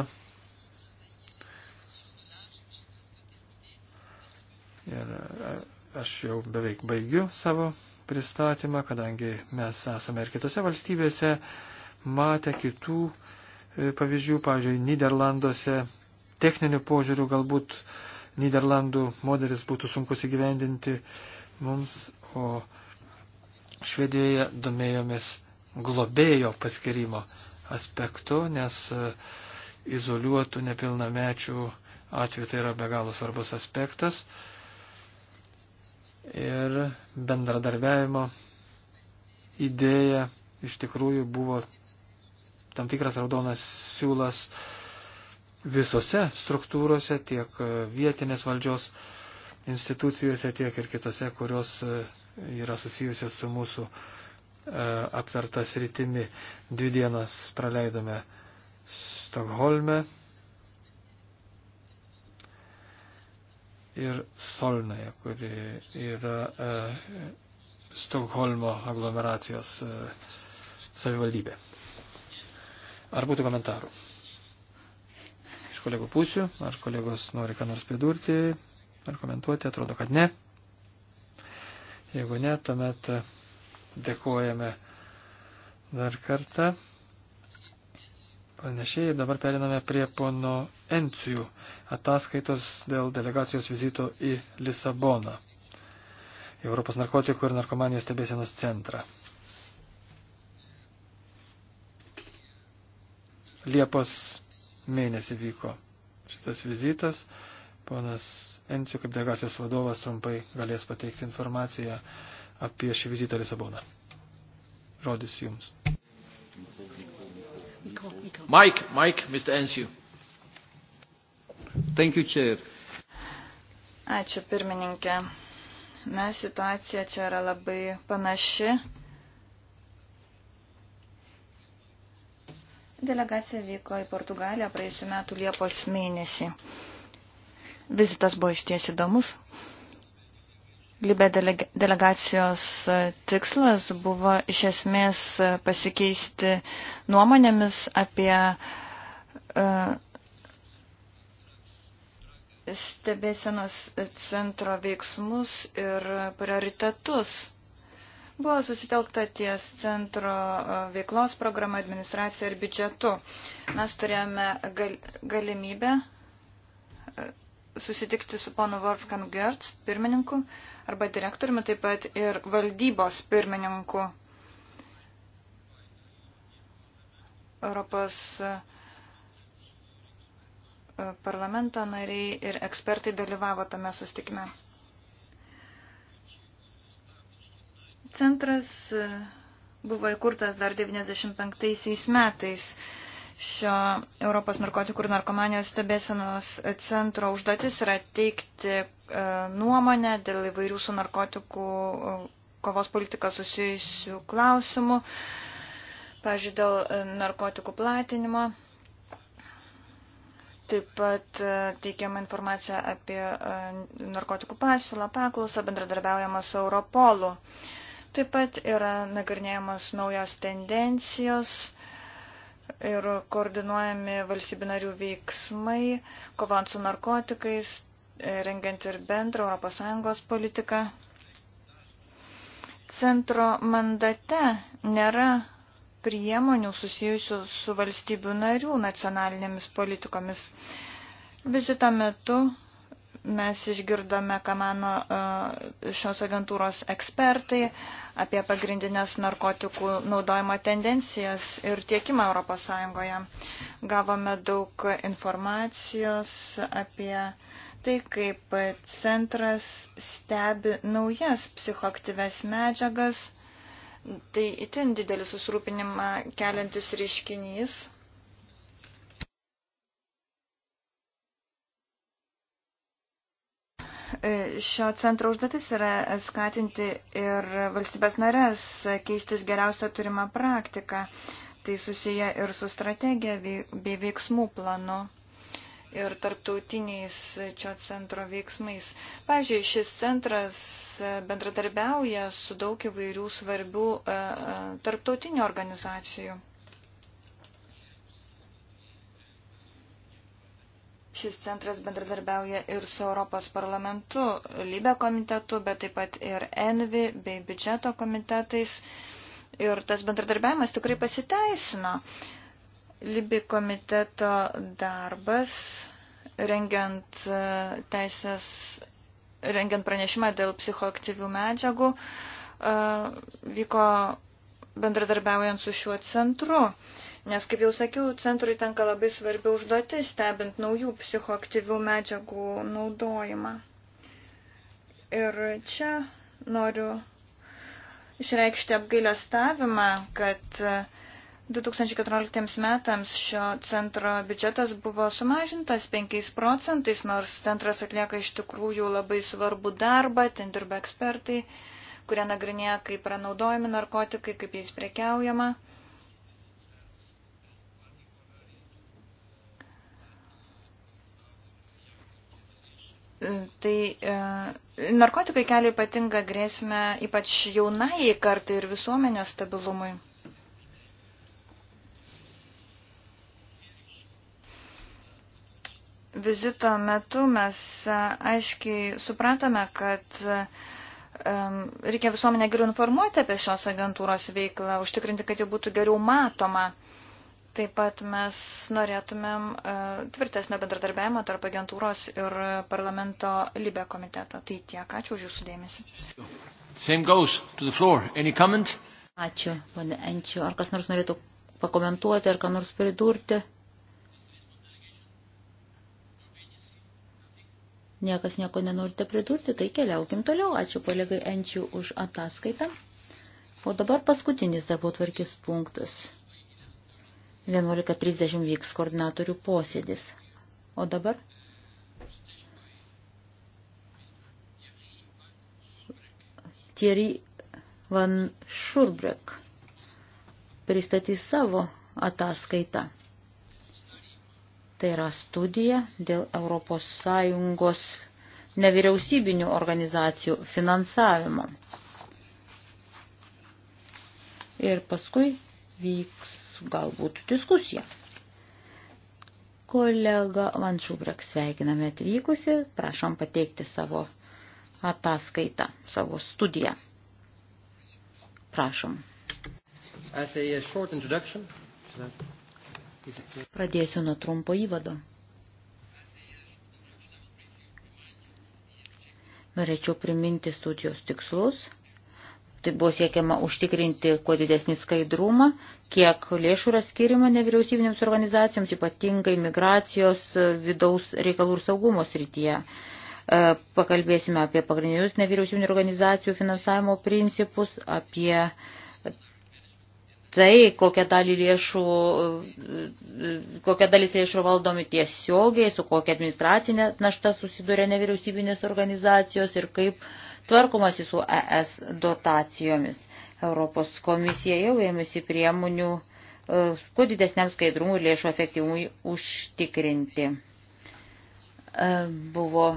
Ir e, aš jau beveik baigiu savo pristatymą, kadangi mes esame ir kitose valstybėse matę kitų e, pavyzdžių, pavyzdžiui, Niderlanduose techninių požiūrių galbūt Niderlandų modelis būtų sunkus įgyvendinti mums, o Švedijoje domėjomės globėjo paskirimo aspektu, nes e, izoliuotų nepilnamečių atveju tai yra be galo svarbus aspektas. Ir bendradarbiavimo idėja iš tikrųjų buvo tam tikras raudonas siūlas visose struktūrose, tiek e, vietinės valdžios institucijose, tiek ir kitose, kurios e, yra susijusios su mūsų E, aptartas rytimi. Dvi dienas praleidome Stokholme ir Solnoje, kuri yra e, Stokholmo aglomeracijos e, savivaldybė. Ar būtų komentarų? Iš kolegų pusių, ar kolegos nori ką nors pridurti, ar komentuoti, atrodo, kad ne. Jeigu ne, tuomet. Uh, Dėkojame dar kartą. Pranešėjai, dabar periname prie pono Encijų ataskaitos dėl delegacijos vizito į Lisaboną, Europos narkotikų ir narkomanijos stebėsienos centrą. Liepos mėnesį vyko šitas vizitas. Ponas Encijų kaip delegacijos vadovas trumpai galės pateikti informaciją apie šį vizitą Lisaboną. Žodis jums. Mike, Mike, Mr. Ensiu. Thank you, Chair. Ačiū, pirmininkė. Na, situacija čia yra labai panaši. Delegacija vyko į Portugaliją praėjusiu metu Liepos mėnesį. Vizitas buvo išties įdomus. Libė delegacijos e, tikslas buvo iš esmės e, pasikeisti nuomonėmis apie e, stebėsenos centro veiksmus ir prioritetus. Buvo susitelkta ties centro veiklos programa, administracija ir biudžetu. Mes turėjome gal, galimybę susitikti su ponu Wolfgang Gertz pirmininku arba direktoriumi, taip pat ir valdybos pirmininku Europos e, parlamento nariai ir ekspertai dalyvavo tame sustikime. Centras e, buvo įkurtas dar 95 metais. Šio Europos narkotikų ir narkomanijos stebėsenos centro užduotis yra teikti e, nuomonę dėl įvairių su narkotikų e, kovos politika susijusių klausimų, pažiūrėjau, dėl e, narkotikų platinimo. Taip pat teikiama informacija apie narkotikų pasiūlą, paklausą, bendradarbiaujama su Europolu. Taip pat yra nagrinėjamos naujos tendencijos ir koordinuojami valstybių narių veiksmai, kovant su narkotikais, rengiant ir bendrą ES politiką. Centro mandate nėra priemonių susijusių su valstybių narių nacionalinėmis politikomis. Vizito metu Mes išgirdome, ką mano e, šios agentūros ekspertai apie pagrindinės narkotikų naudojimo tendencijas ir tiekimą ES. Gavome daug informacijos apie tai, kaip centras stebi naujas psichoktyves medžiagas. Tai itin didelis susirūpinimą keliantis reiškinys. E, šio centro užduotis yra skatinti ir valstybės narės keistis geriausią turimą praktiką. Tai susiję ir su strategija bei veiksmų planu ir tarptautiniais šio centro veiksmais. Pavyzdžiui, šis centras bendradarbiauja su daug įvairių svarbių e, e, tarptautinių organizacijų. Šis centras bendradarbiauja ir su Europos parlamentu, Libė komitetu, bet taip pat ir Envi bei biudžeto komitetais. Ir tas bendradarbiavimas tikrai pasiteisino. Libi komiteto darbas, rengiant e, teisės, rengiant pranešimą dėl psichoaktyvių medžiagų, e, vyko bendradarbiaujant su šiuo centru. Nes, kaip jau sakiau, centrui tenka labai svarbi užduotis, stebint naujų psichoaktyvių medžiagų naudojimą. Ir čia noriu išreikšti apgailę stavimą, kad 2014 metams šio centro biudžetas buvo sumažintas 5 procentais, nors centras atlieka iš tikrųjų labai svarbų darbą, ten dirba ekspertai, kurie nagrinėja, kaip yra naudojami narkotikai, kaip jais prekiaujama. Tai e, narkotikai kelia ypatingą grėsmę ypač jaunai kartai ir visuomenės stabilumui. Vizito metu mes e, aiškiai supratome, kad e, reikia visuomenę geriau informuoti apie šios agentūros veiklą, užtikrinti, kad ji būtų geriau matoma. E, Taip pat mes norėtumėm e, tvirtesnio bendradarbiavimo tarp agentūros ir parlamento Libė komiteto. Tai tiek. Ačiū už jūsų dėmesį. Same goes to the floor. Any comment? Ačiū, mane Enčiu. Ar kas nors norėtų pakomentuoti, ar ką nors pridurti? Niekas nieko nenorite pridurti, tai keliaukim toliau. Ačiū kolegai Enčiu už ataskaitą. O dabar paskutinis darbo tvarkis punktas. 11.30 vyks koordinatorių posėdis. O dabar? Thierry Van Schurbrek pristatys savo ataskaitą. Tai yra studija dėl Europos Sąjungos nevyriausybinių organizacijų finansavimo. Ir paskui vyks galbūt diskusiją. Kolega Vanšubrek sveikiname atvykusi, prašom pateikti savo ataskaitą, savo studiją. Prašom. Pradėsiu nuo trumpo įvado. Norėčiau priminti studijos tikslus – Tai buvo siekiama užtikrinti kuo didesnį skaidrumą, kiek lėšų yra skirima nevyriausybinėms organizacijoms, ypatingai migracijos, vidaus reikalų ir saugumo srityje. E, pakalbėsime apie pagrindinius nevyriausybinių organizacijų finansavimo principus, apie tai, kokią dalį lėšų, e, kokią dalis lėšų valdomi tiesiogiai, su kokia administracinė našta susiduria nevyriausybinės organizacijos ir kaip uh, tvarkomasi su ES dotacijomis. Europos komisija jau ėmėsi priemonių, e, kuo didesniam skaidrumui lėšų efektyvumui užtikrinti. E, buvo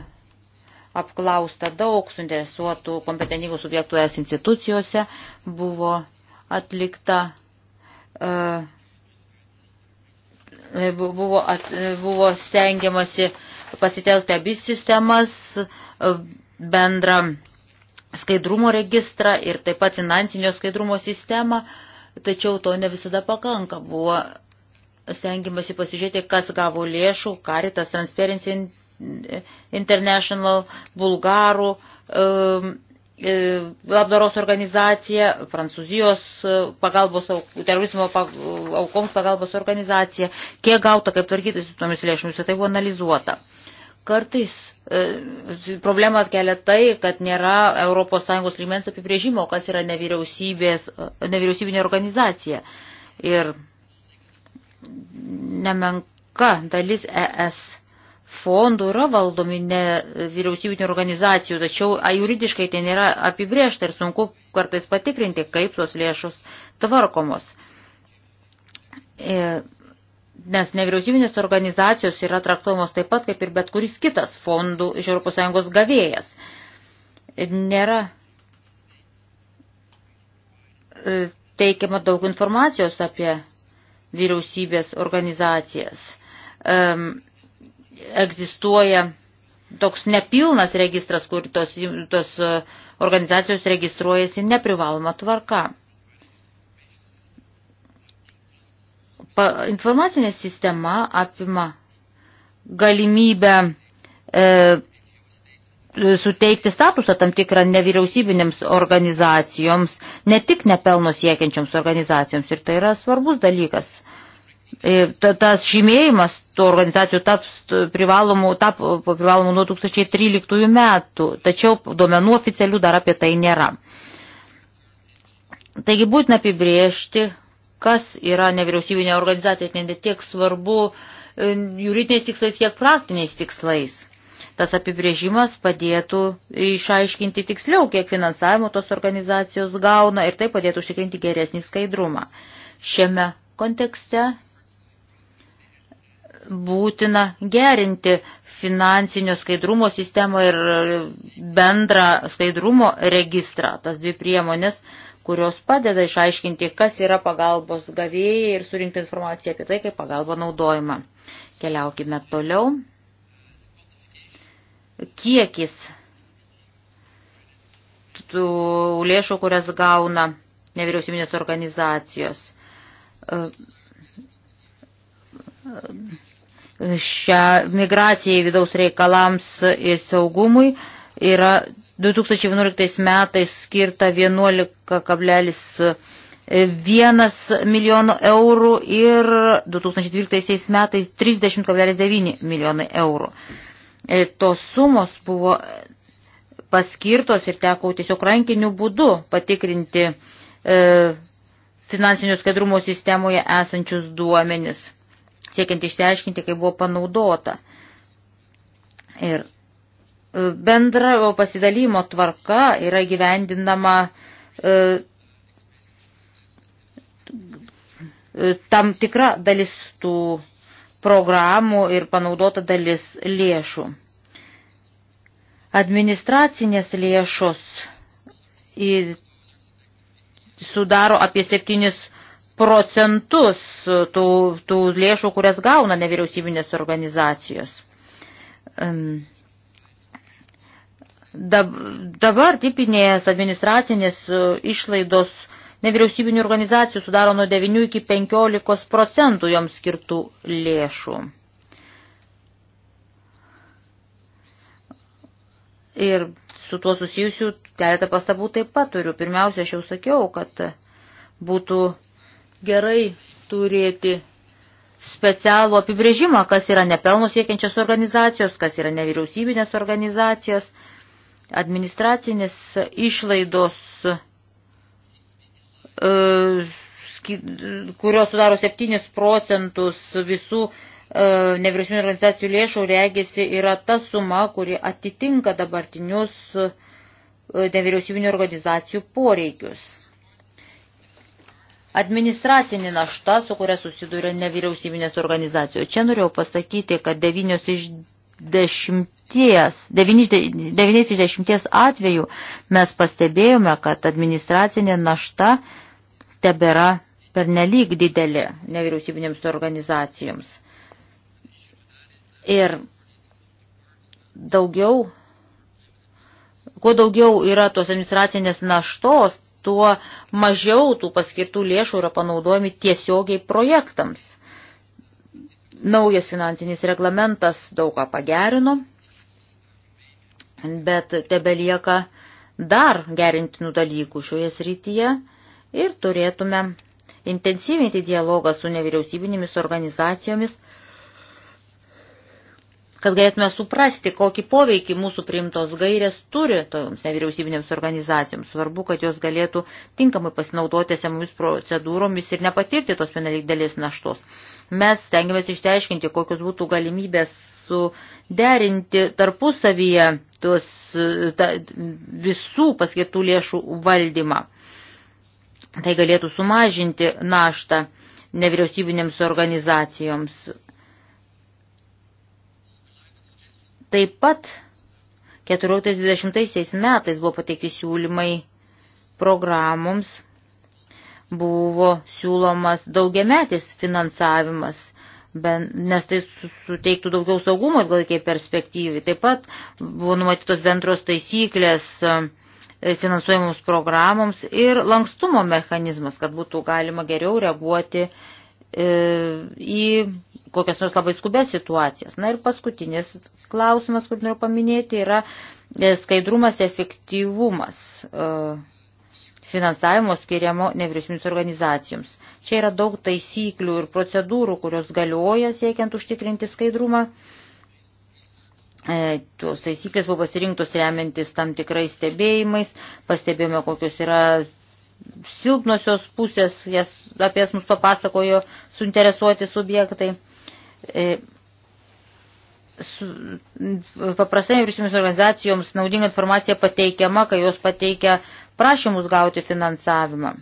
apklausta daug suinteresuotų kompetentingų subjektų es institucijose, buvo atlikta e, buvo, at, buvo stengiamasi pasitelkti abis sistemas, bendrą skaidrumo registrą ir taip pat finansinio skaidrumo sistemą, tačiau to ne visada pakanka. Buvo stengiamasi pasižiūrėti, kas gavo lėšų, Caritas Transparency International, Bulgarų, um, e, labdaros organizacija, Prancūzijos e, pagalbos, terorizmo aukoms pagalbos organizacija, kiek gauta, kaip tvarkytis su tomis lėšomis, tai buvo analizuota. Uh, Kartais e, problemą kelia tai, kad nėra ES lygmens apibrėžimo, kas yra e, nevyriausybinė organizacija. Ir nemenka dalis ES fondų yra valdomi nevyriausybinio organizacijų, tačiau juridiškai tai nėra apibrėžta ir sunku kartais patikrinti, kaip tos lėšos tvarkomos. E, nes nevyriausybinės organizacijos yra traktuojamos taip pat kaip ir bet kuris kitas fondų iš ES gavėjas. Nėra e, teikiama daug informacijos apie vyriausybės organizacijas. Um, egzistuoja toks nepilnas registras, kur tos, tos e, organizacijos registruojasi neprivaloma tvarka. Informacinė sistema apima galimybę e, suteikti statusą tam tikrą nevyriausybinėms organizacijoms, ne tik nepelno siekiančioms organizacijoms. Ir tai yra svarbus dalykas. E, tas žymėjimas tų organizacijų taps privalomų, tap privalomų nuo 2013 metų, tačiau duomenų oficialių dar apie tai nėra. Taigi būtina apibriežti, kas yra nevyriausybinė organizacija, tai ne tiek svarbu e, juridiniais tikslais, kiek praktiniais tikslais. Tas apibrėžimas padėtų išaiškinti tiksliau, kiek finansavimo tos organizacijos gauna ir tai padėtų užtikrinti geresnį skaidrumą. Šiame kontekste būtina gerinti finansinio skaidrumo sistemą ir bendrą skaidrumo registrą. Tas dvi priemonės uh, kurios padeda išaiškinti, kas yra pagalbos gavėjai ir surinkti informaciją apie tai, kaip pagalba naudojama. Keliaukime toliau. Kiekis tų lėšų, kurias gauna nevyriausybinės organizacijos. Šią migraciją į vidaus reikalams ir saugumui yra 2011 metais skirta 11,1 milijono eurų ir 2012 metais 30,9 milijonai eurų. E, tos sumos buvo paskirtos ir teko tiesiog rankiniu būdu patikrinti e, finansinio skaidrumo sistemoje esančius duomenis, siekiant išsiaiškinti, kaip buvo panaudota. Ir E, bendra pasidalymo tvarka yra gyvendinama e, e, tam tikra dalis tų programų ir panaudota dalis lėšų. Administracinės lėšos sudaro apie 7 procentus tų, tų lėšų, kurias gauna nevyriausybinės organizacijos. Um Dabar tipinės administracinės e, išlaidos nevyriausybinių organizacijų sudaro nuo 9 iki 15 procentų joms skirtų lėšų. Ir su tuo susijusiu keletą pastabų taip pat turiu. Pirmiausia, aš jau sakiau, kad būtų gerai turėti specialų apibrėžimą, kas yra nepelno siekiančios organizacijos, kas yra nevyriausybinės organizacijos. organizacijos Administracinės išlaidos, e, kurios sudaro 7 procentus visų e, nevyriausybinio organizacijų lėšų, regisi, yra ta suma, kuri atitinka dabartinius e, nevyriausybinio organizacijų poreikius. Administracinė našta, su kuria susiduria nevyriausybinės organizacijos. Čia norėjau pasakyti, kad 9 iš dešimties, devynis, devynis iš dešimties atvejų mes pastebėjome, kad administracinė našta tebėra per nelik didelė nevyriausybinėms organizacijoms. Ir daugiau, kuo daugiau yra tos administracinės naštos, tuo mažiau tų paskirtų lėšų yra panaudojami tiesiogiai projektams. Naujas finansinis reglamentas daug ką pagerino, bet tebelieka dar gerintinų dalykų šioje srityje ir turėtume intensyvinti dialogą su nevyriausybinėmis organizacijomis, kad galėtume suprasti, kokį poveikį mūsų priimtos gairės turi toms nevyriausybinėms organizacijoms. Svarbu, kad jos galėtų tinkamai pasinaudoti esamomis procedūromis ir nepatirti tos penelik dėlės naštos. Mes stengiamės išteiškinti, kokios būtų galimybės suderinti tarpusavyje tos, ta, visų paskirtų lėšų valdymą. Tai galėtų sumažinti naštą nevyriausybinėms organizacijoms Taip pat 14-20 metais buvo pateikti siūlymai programoms, buvo siūlomas daugiametis finansavimas, nes tai suteiktų daugiau saugumo ilgalaikiai perspektyvai. Taip pat buvo numatytos bendros taisyklės e, finansuojamoms programoms ir lankstumo mechanizmas, kad būtų galima geriau reaguoti E, į kokias nors labai skubės situacijas. Na ir paskutinis klausimas, kurį noriu paminėti, yra e, skaidrumas, efektyvumas e, finansavimo skiriamo nevyriausybinis organizacijoms. Čia yra daug taisyklių ir procedūrų, kurios galioja siekiant užtikrinti skaidrumą. E, tuos taisyklės buvo pasirinktos remiantis tam tikrais stebėjimais, pastebėjome, kokios yra silpnosios pusės, jas, apie jas mums papasakojo suinteresuoti subjektai. E, su, paprastai vyriausybės organizacijoms naudinga informacija pateikiama, kai jos pateikia prašymus gauti finansavimą.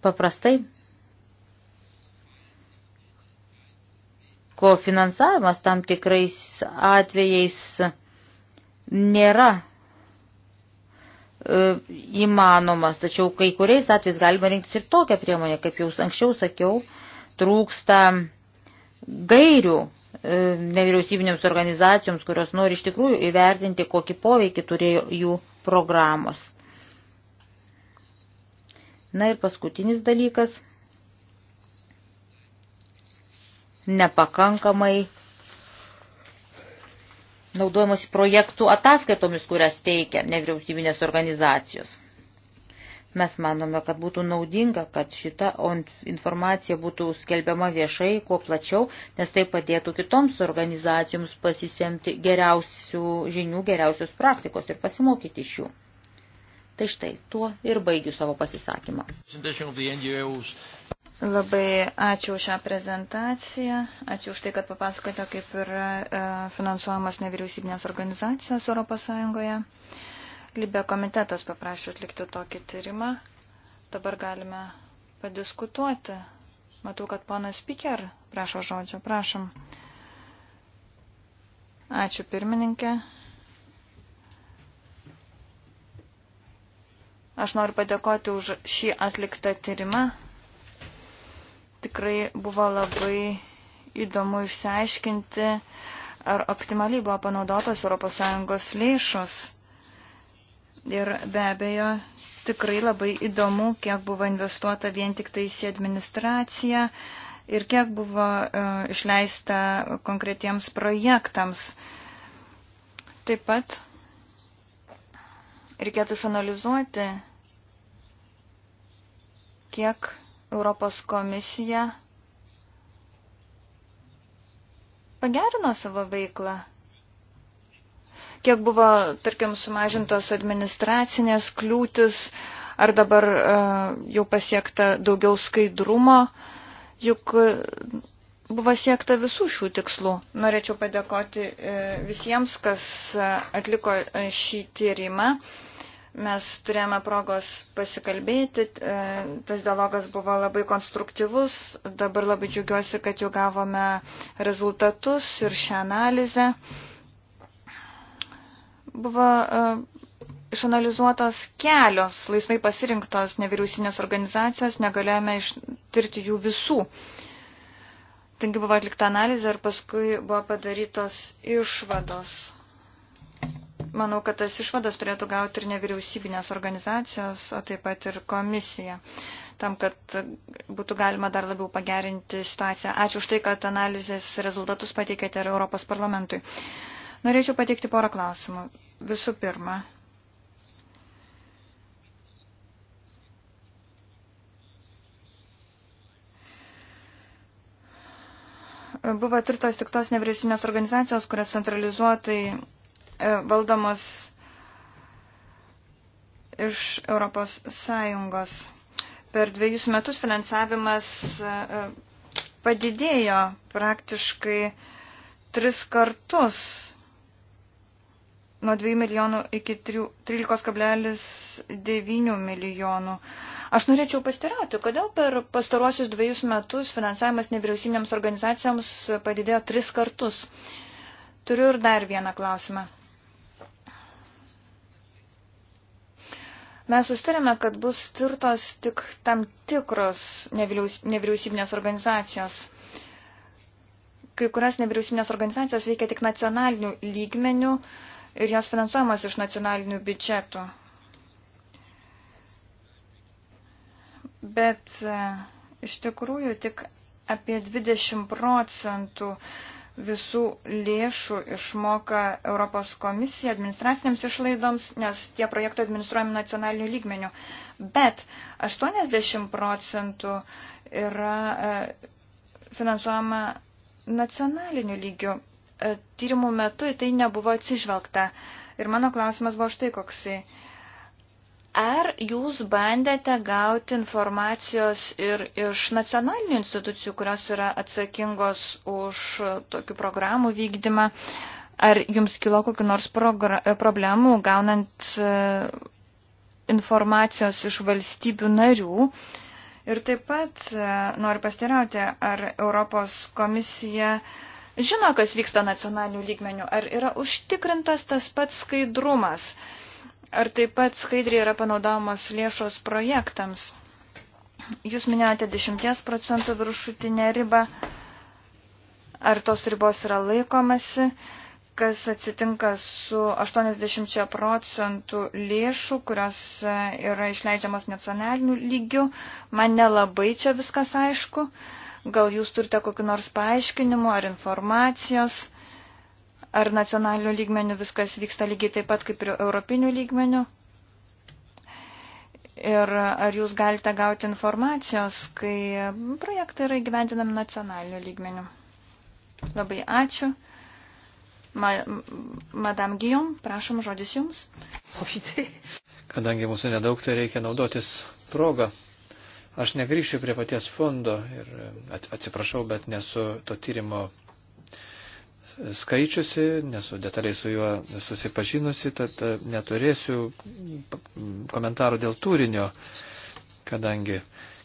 Paprastai ko finansavimas tam tikrais atvejais nėra E, įmanomas, tačiau kai kuriais atvejais galima rinktis ir tokią priemonę, kaip jau anksčiau sakiau, trūksta gairių e, nevyriausybinėms organizacijoms, kurios nori iš tikrųjų įvertinti, kokį poveikį turėjo jų programos. Na ir paskutinis dalykas. Nepakankamai naudojamos projektų ataskaitomis, kurias teikia nevyriausybinės organizacijos. Mes manome, kad būtų naudinga, kad šita informacija būtų skelbiama viešai, kuo plačiau, nes tai padėtų kitoms organizacijoms pasisemti geriausių žinių, geriausios praktikos ir pasimokyti iš jų. Tai štai, tuo ir baigiu savo pasisakymą. Labai ačiū šią prezentaciją, ačiū už tai, kad papasakote, kaip yra e, finansuojamos nevyriausybinės organizacijos Europos Sąjungoje. Libė komitetas paprašė atlikti tokį tyrimą. Dabar galime padiskutuoti. Matau, kad ponas Piker prašo žodžio. Prašom. Ačiū pirmininkė. Aš noriu padėkoti už šį atliktą tyrimą tikrai buvo labai įdomu išsiaiškinti, ar optimaliai buvo panaudotos ES lėšos. Ir be abejo, tikrai labai įdomu, kiek buvo investuota vien tik tais į administraciją ir kiek buvo uh, išleista konkretiems projektams. Taip pat reikėtų išanalizuoti, kiek Europos komisija pagerino savo veiklą? Kiek buvo, tarkim, sumažintos administracinės kliūtis, ar dabar uh, jau pasiekta daugiau skaidrumo, juk e, buvo siekta visų šių tikslų. Norėčiau padėkoti e, visiems, kas atliko šį tyrimą. Uh, Mes turėjome progos pasikalbėti, e, tas dialogas buvo labai konstruktyvus, dabar labai džiugiuosi, kad jau gavome rezultatus ir šią analizę. Buvo e, išanalizuotos kelios laisvai pasirinktos nevyriausinės organizacijos, negalėjome ištirti jų visų. Taigi buvo atlikta analizė ir paskui buvo padarytos išvados. Manau, kad tas išvadas turėtų gauti ir nevyriausybinės organizacijos, o taip pat ir komisija, tam, kad būtų galima dar labiau pagerinti situaciją. Ačiū už tai, kad analizės rezultatus pateikėte ir Europos parlamentui. Norėčiau pateikti porą klausimų. Visų pirma, buvo tirtos tik tos nevyriausybinės organizacijos, kurias centralizuotai E, valdomos iš Europos Sąjungos. Per dviejus metus finansavimas e, e, padidėjo praktiškai tris kartus nuo 2 milijonų iki 13,9 milijonų. Aš norėčiau pastirauti, kodėl per pastaruosius dviejus metus finansavimas nevyriausybinėms organizacijoms padidėjo tris kartus. Turiu ir dar vieną klausimą. Mes sustarėme, kad bus tirtos tik tam tikros nevyriaus, nevyriausybinės organizacijos. Kai kurios nevyriausybinės organizacijos veikia tik nacionalinių lygmenių ir jos finansuojamos iš nacionalinių biudžetų. Bet e, iš tikrųjų tik apie 20 procentų uh, visų lėšų išmoka Europos komisija administracinėms išlaidoms, nes tie projektai administruojami nacionaliniu lygmeniu. Bet 80 procentų yra e, finansuojama nacionaliniu lygiu. E, tyrimų metu į tai nebuvo atsižvelgta. Ir mano klausimas buvo štai koksai. Ar jūs bandėte gauti informacijos ir iš nacionalinių institucijų, kurios yra atsakingos už tokių programų vykdymą? Ar jums kilo kokiu nors problemų gaunant e, informacijos iš valstybių narių? Ir taip pat e, noriu pastirauti, ar Europos komisija žino, kas vyksta nacionalinių lygmenių, ar yra užtikrintas tas pats skaidrumas? Ar taip pat skaidriai yra panaudojamos lėšos projektams? Jūs minėjote 10 procentų viršutinę ribą. Ar tos ribos yra laikomasi? Kas atsitinka su 80 procentų lėšų, kurios e, yra išleidžiamos nacionaliniu lygiu? Man nelabai čia viskas aišku. Gal jūs turite kokį nors paaiškinimų ar informacijos? Ar nacionaliniu lygmeniu viskas vyksta lygiai taip pat kaip ir europiniu lygmeniu? Ir ar jūs galite gauti informacijos, kai projektai yra įgyvendinami nacionaliniu lygmeniu? Labai ačiū. Ma, Madame Gijom, prašom žodis jums. Kadangi mūsų nedaug, tai reikia naudotis progą. Aš negryšiu prie paties fondo ir e, atsiprašau, bet nesu to tyrimo skaičiusi, nesu detaliai su juo susipažinusi, tad e, neturėsiu komentarų dėl turinio, kadangi,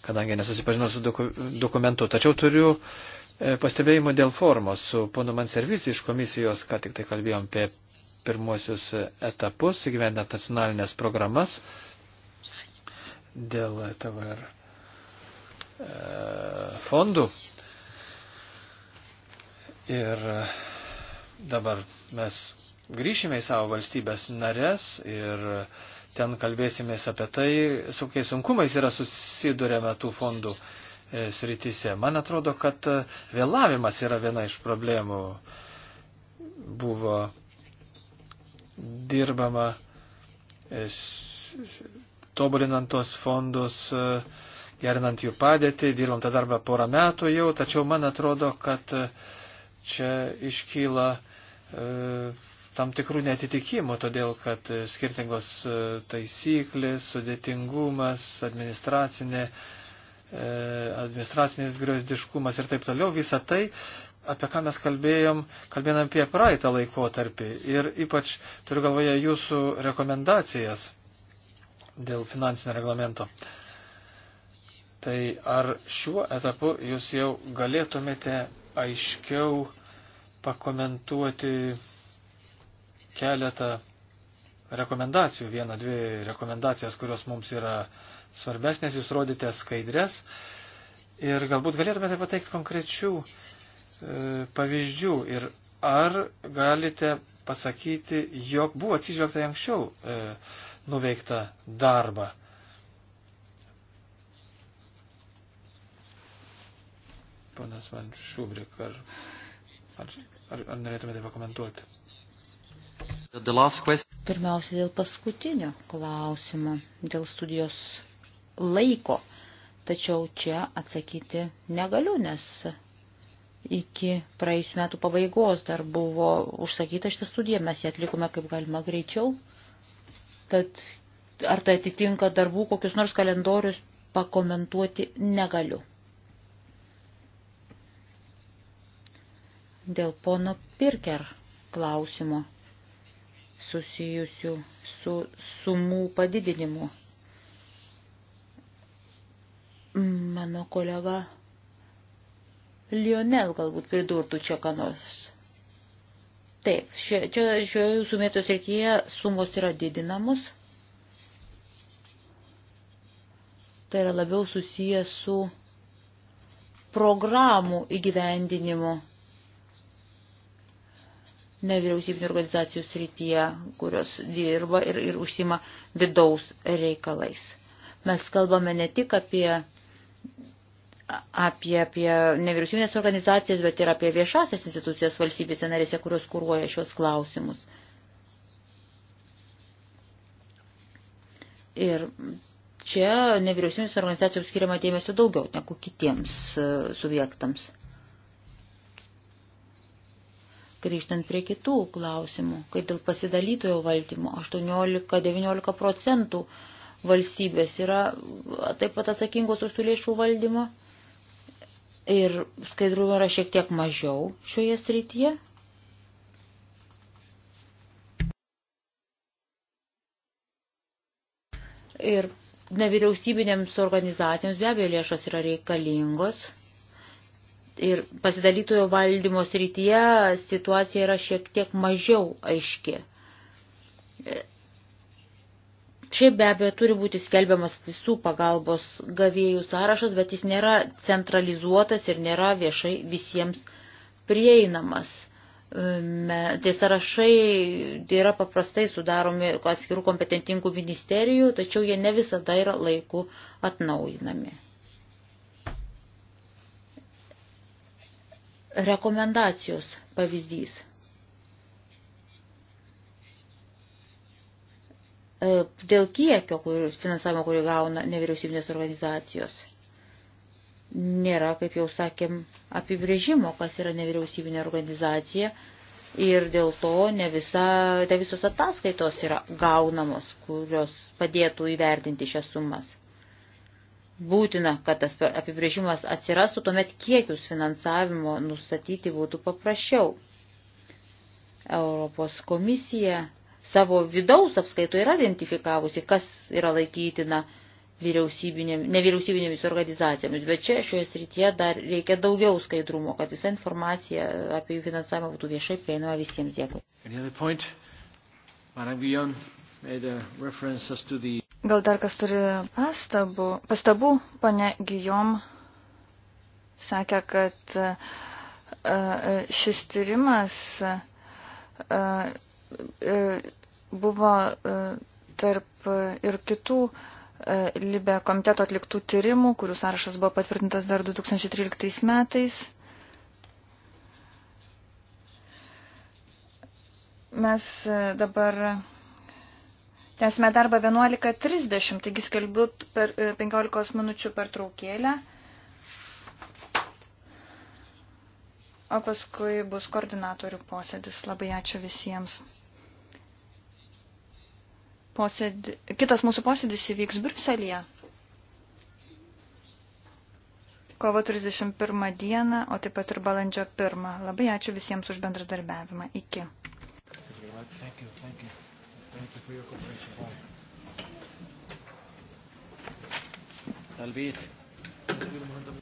kadangi nesusipažinau su doku, dokumentu. Tačiau turiu e, pastebėjimų dėl formos. Su ponu Manservisi iš komisijos, ką tik tai kalbėjom apie pirmosius e, etapus, įgyvendinant nacionalinės programas dėl TVR fondų. Ir Dabar mes grįšime į savo valstybės narės ir ten kalbėsimės apie tai, su kokiais sunkumais yra susidurėme tų fondų e, srityse. Man atrodo, kad e, vėlavimas yra viena iš problemų. Buvo dirbama e, tobulinant tos fondus, gerinant jų padėtį, dirbom tą darbą porą metų jau, tačiau man atrodo, kad čia iškyla e, tam tikrų netitikimų, todėl kad e, skirtingos e, taisyklės, sudėtingumas, administracinė, e, administracinis griozdiškumas ir taip toliau, visa tai, apie ką mes kalbėjom, kalbėjom apie praeitą laikotarpį ir ypač turiu galvoje jūsų rekomendacijas dėl finansinio reglamento. Tai ar šiuo etapu jūs jau galėtumėte aiškiau pakomentuoti keletą rekomendacijų, vieną, dvi rekomendacijas, kurios mums yra svarbesnės, jūs rodite skaidrės ir galbūt galėtumėte pateikti konkrečių e, pavyzdžių ir ar galite pasakyti, jog buvo atsižvelgta anksčiau e, nuveiktą darbą. Ponas Van Šubrik, ar, ar, ar, ar norėtumėte pakomentuoti? Pirmiausia, dėl paskutinio klausimo, dėl studijos laiko. Tačiau čia atsakyti negaliu, nes iki praėjusių metų pabaigos dar buvo užsakyta šitą studiją, mes ją atlikome kaip galima greičiau. Tad ar tai atitinka darbų kokius nors kalendorius pakomentuoti negaliu. dėl pono Pirker klausimo susijusių su sumų padidinimu. Mano kolega Lionel galbūt pridurtų čia kanos. Taip, šia, čia šioje jūsų mėtos reikyje sumos yra didinamos. Tai yra labiau susijęs su programų įgyvendinimu nevyriausybinio organizacijų srityje, kurios dirba ir, ir užsima vidaus reikalais. Mes kalbame ne tik apie, apie, apie nevyriausybinės organizacijas, bet ir apie viešasias institucijas valstybėse narėse, kurios kūruoja šios klausimus. Ir čia nevyriausybinės organizacijoms skiriama dėmesio daugiau negu kitiems e, subjektams. Grįžtant prie kitų klausimų, kai dėl pasidalytojo valdymo 18-19 procentų valstybės yra taip pat atsakingos už tų lėšų valdymą ir skaidrumo yra šiek tiek mažiau šioje srityje. Ir nevyriausybinėms organizacijoms be abejo lėšos yra reikalingos ir pasidalytojo valdymo srityje situacija yra šiek tiek mažiau aiški. Šiaip be abejo turi būti skelbiamas visų pagalbos gavėjų sąrašas, bet jis nėra centralizuotas ir nėra viešai visiems prieinamas. Tie sąrašai yra paprastai sudaromi atskirų kompetentingų ministerijų, tačiau jie ne visada yra laiku atnaujinami. rekomendacijos pavyzdys. E, dėl kiekio kur, finansavimo, kurį gauna nevyriausybinės organizacijos, nėra, kaip jau sakėm, apibrėžimo, kas yra nevyriausybinė organizacija ir dėl to ne, visa, ne visos ataskaitos yra gaunamos, kurios padėtų įvertinti šias sumas būtina, kad tas apibrėžimas atsirastų, tuomet kiekius finansavimo nustatyti būtų paprasčiau. Europos komisija savo vidaus apskaito yra identifikavusi, kas yra laikytina vyriausybinėm, nevyriausybinėmis organizacijomis, bet čia šioje srityje dar reikia daugiau skaidrumo, kad visa informacija apie jų finansavimą būtų viešai prieinama visiems. Dėkui. Gal dar kas turi pastabų? Pastabų, pane Gijom, sakė, kad e, e, šis tyrimas e, buvo tarp ir kitų Libe komiteto atliktų tyrimų, kurių sąrašas buvo patvirtintas dar 2013 metais. Mes dabar Tęsime darbą 11.30, taigi skelbiu per 15 e, minučių per traukėlę. O paskui bus koordinatorių posėdis. Labai ačiū visiems. Posėdį, kitas mūsų posėdis įvyks Briuselėje. Kovo 31 dieną, o taip pat ir balandžio 1. Labai ačiū visiems už bendradarbiavimą. Iki. Thank you, thank you. Thank you for your cooperation. Bye. Talbit.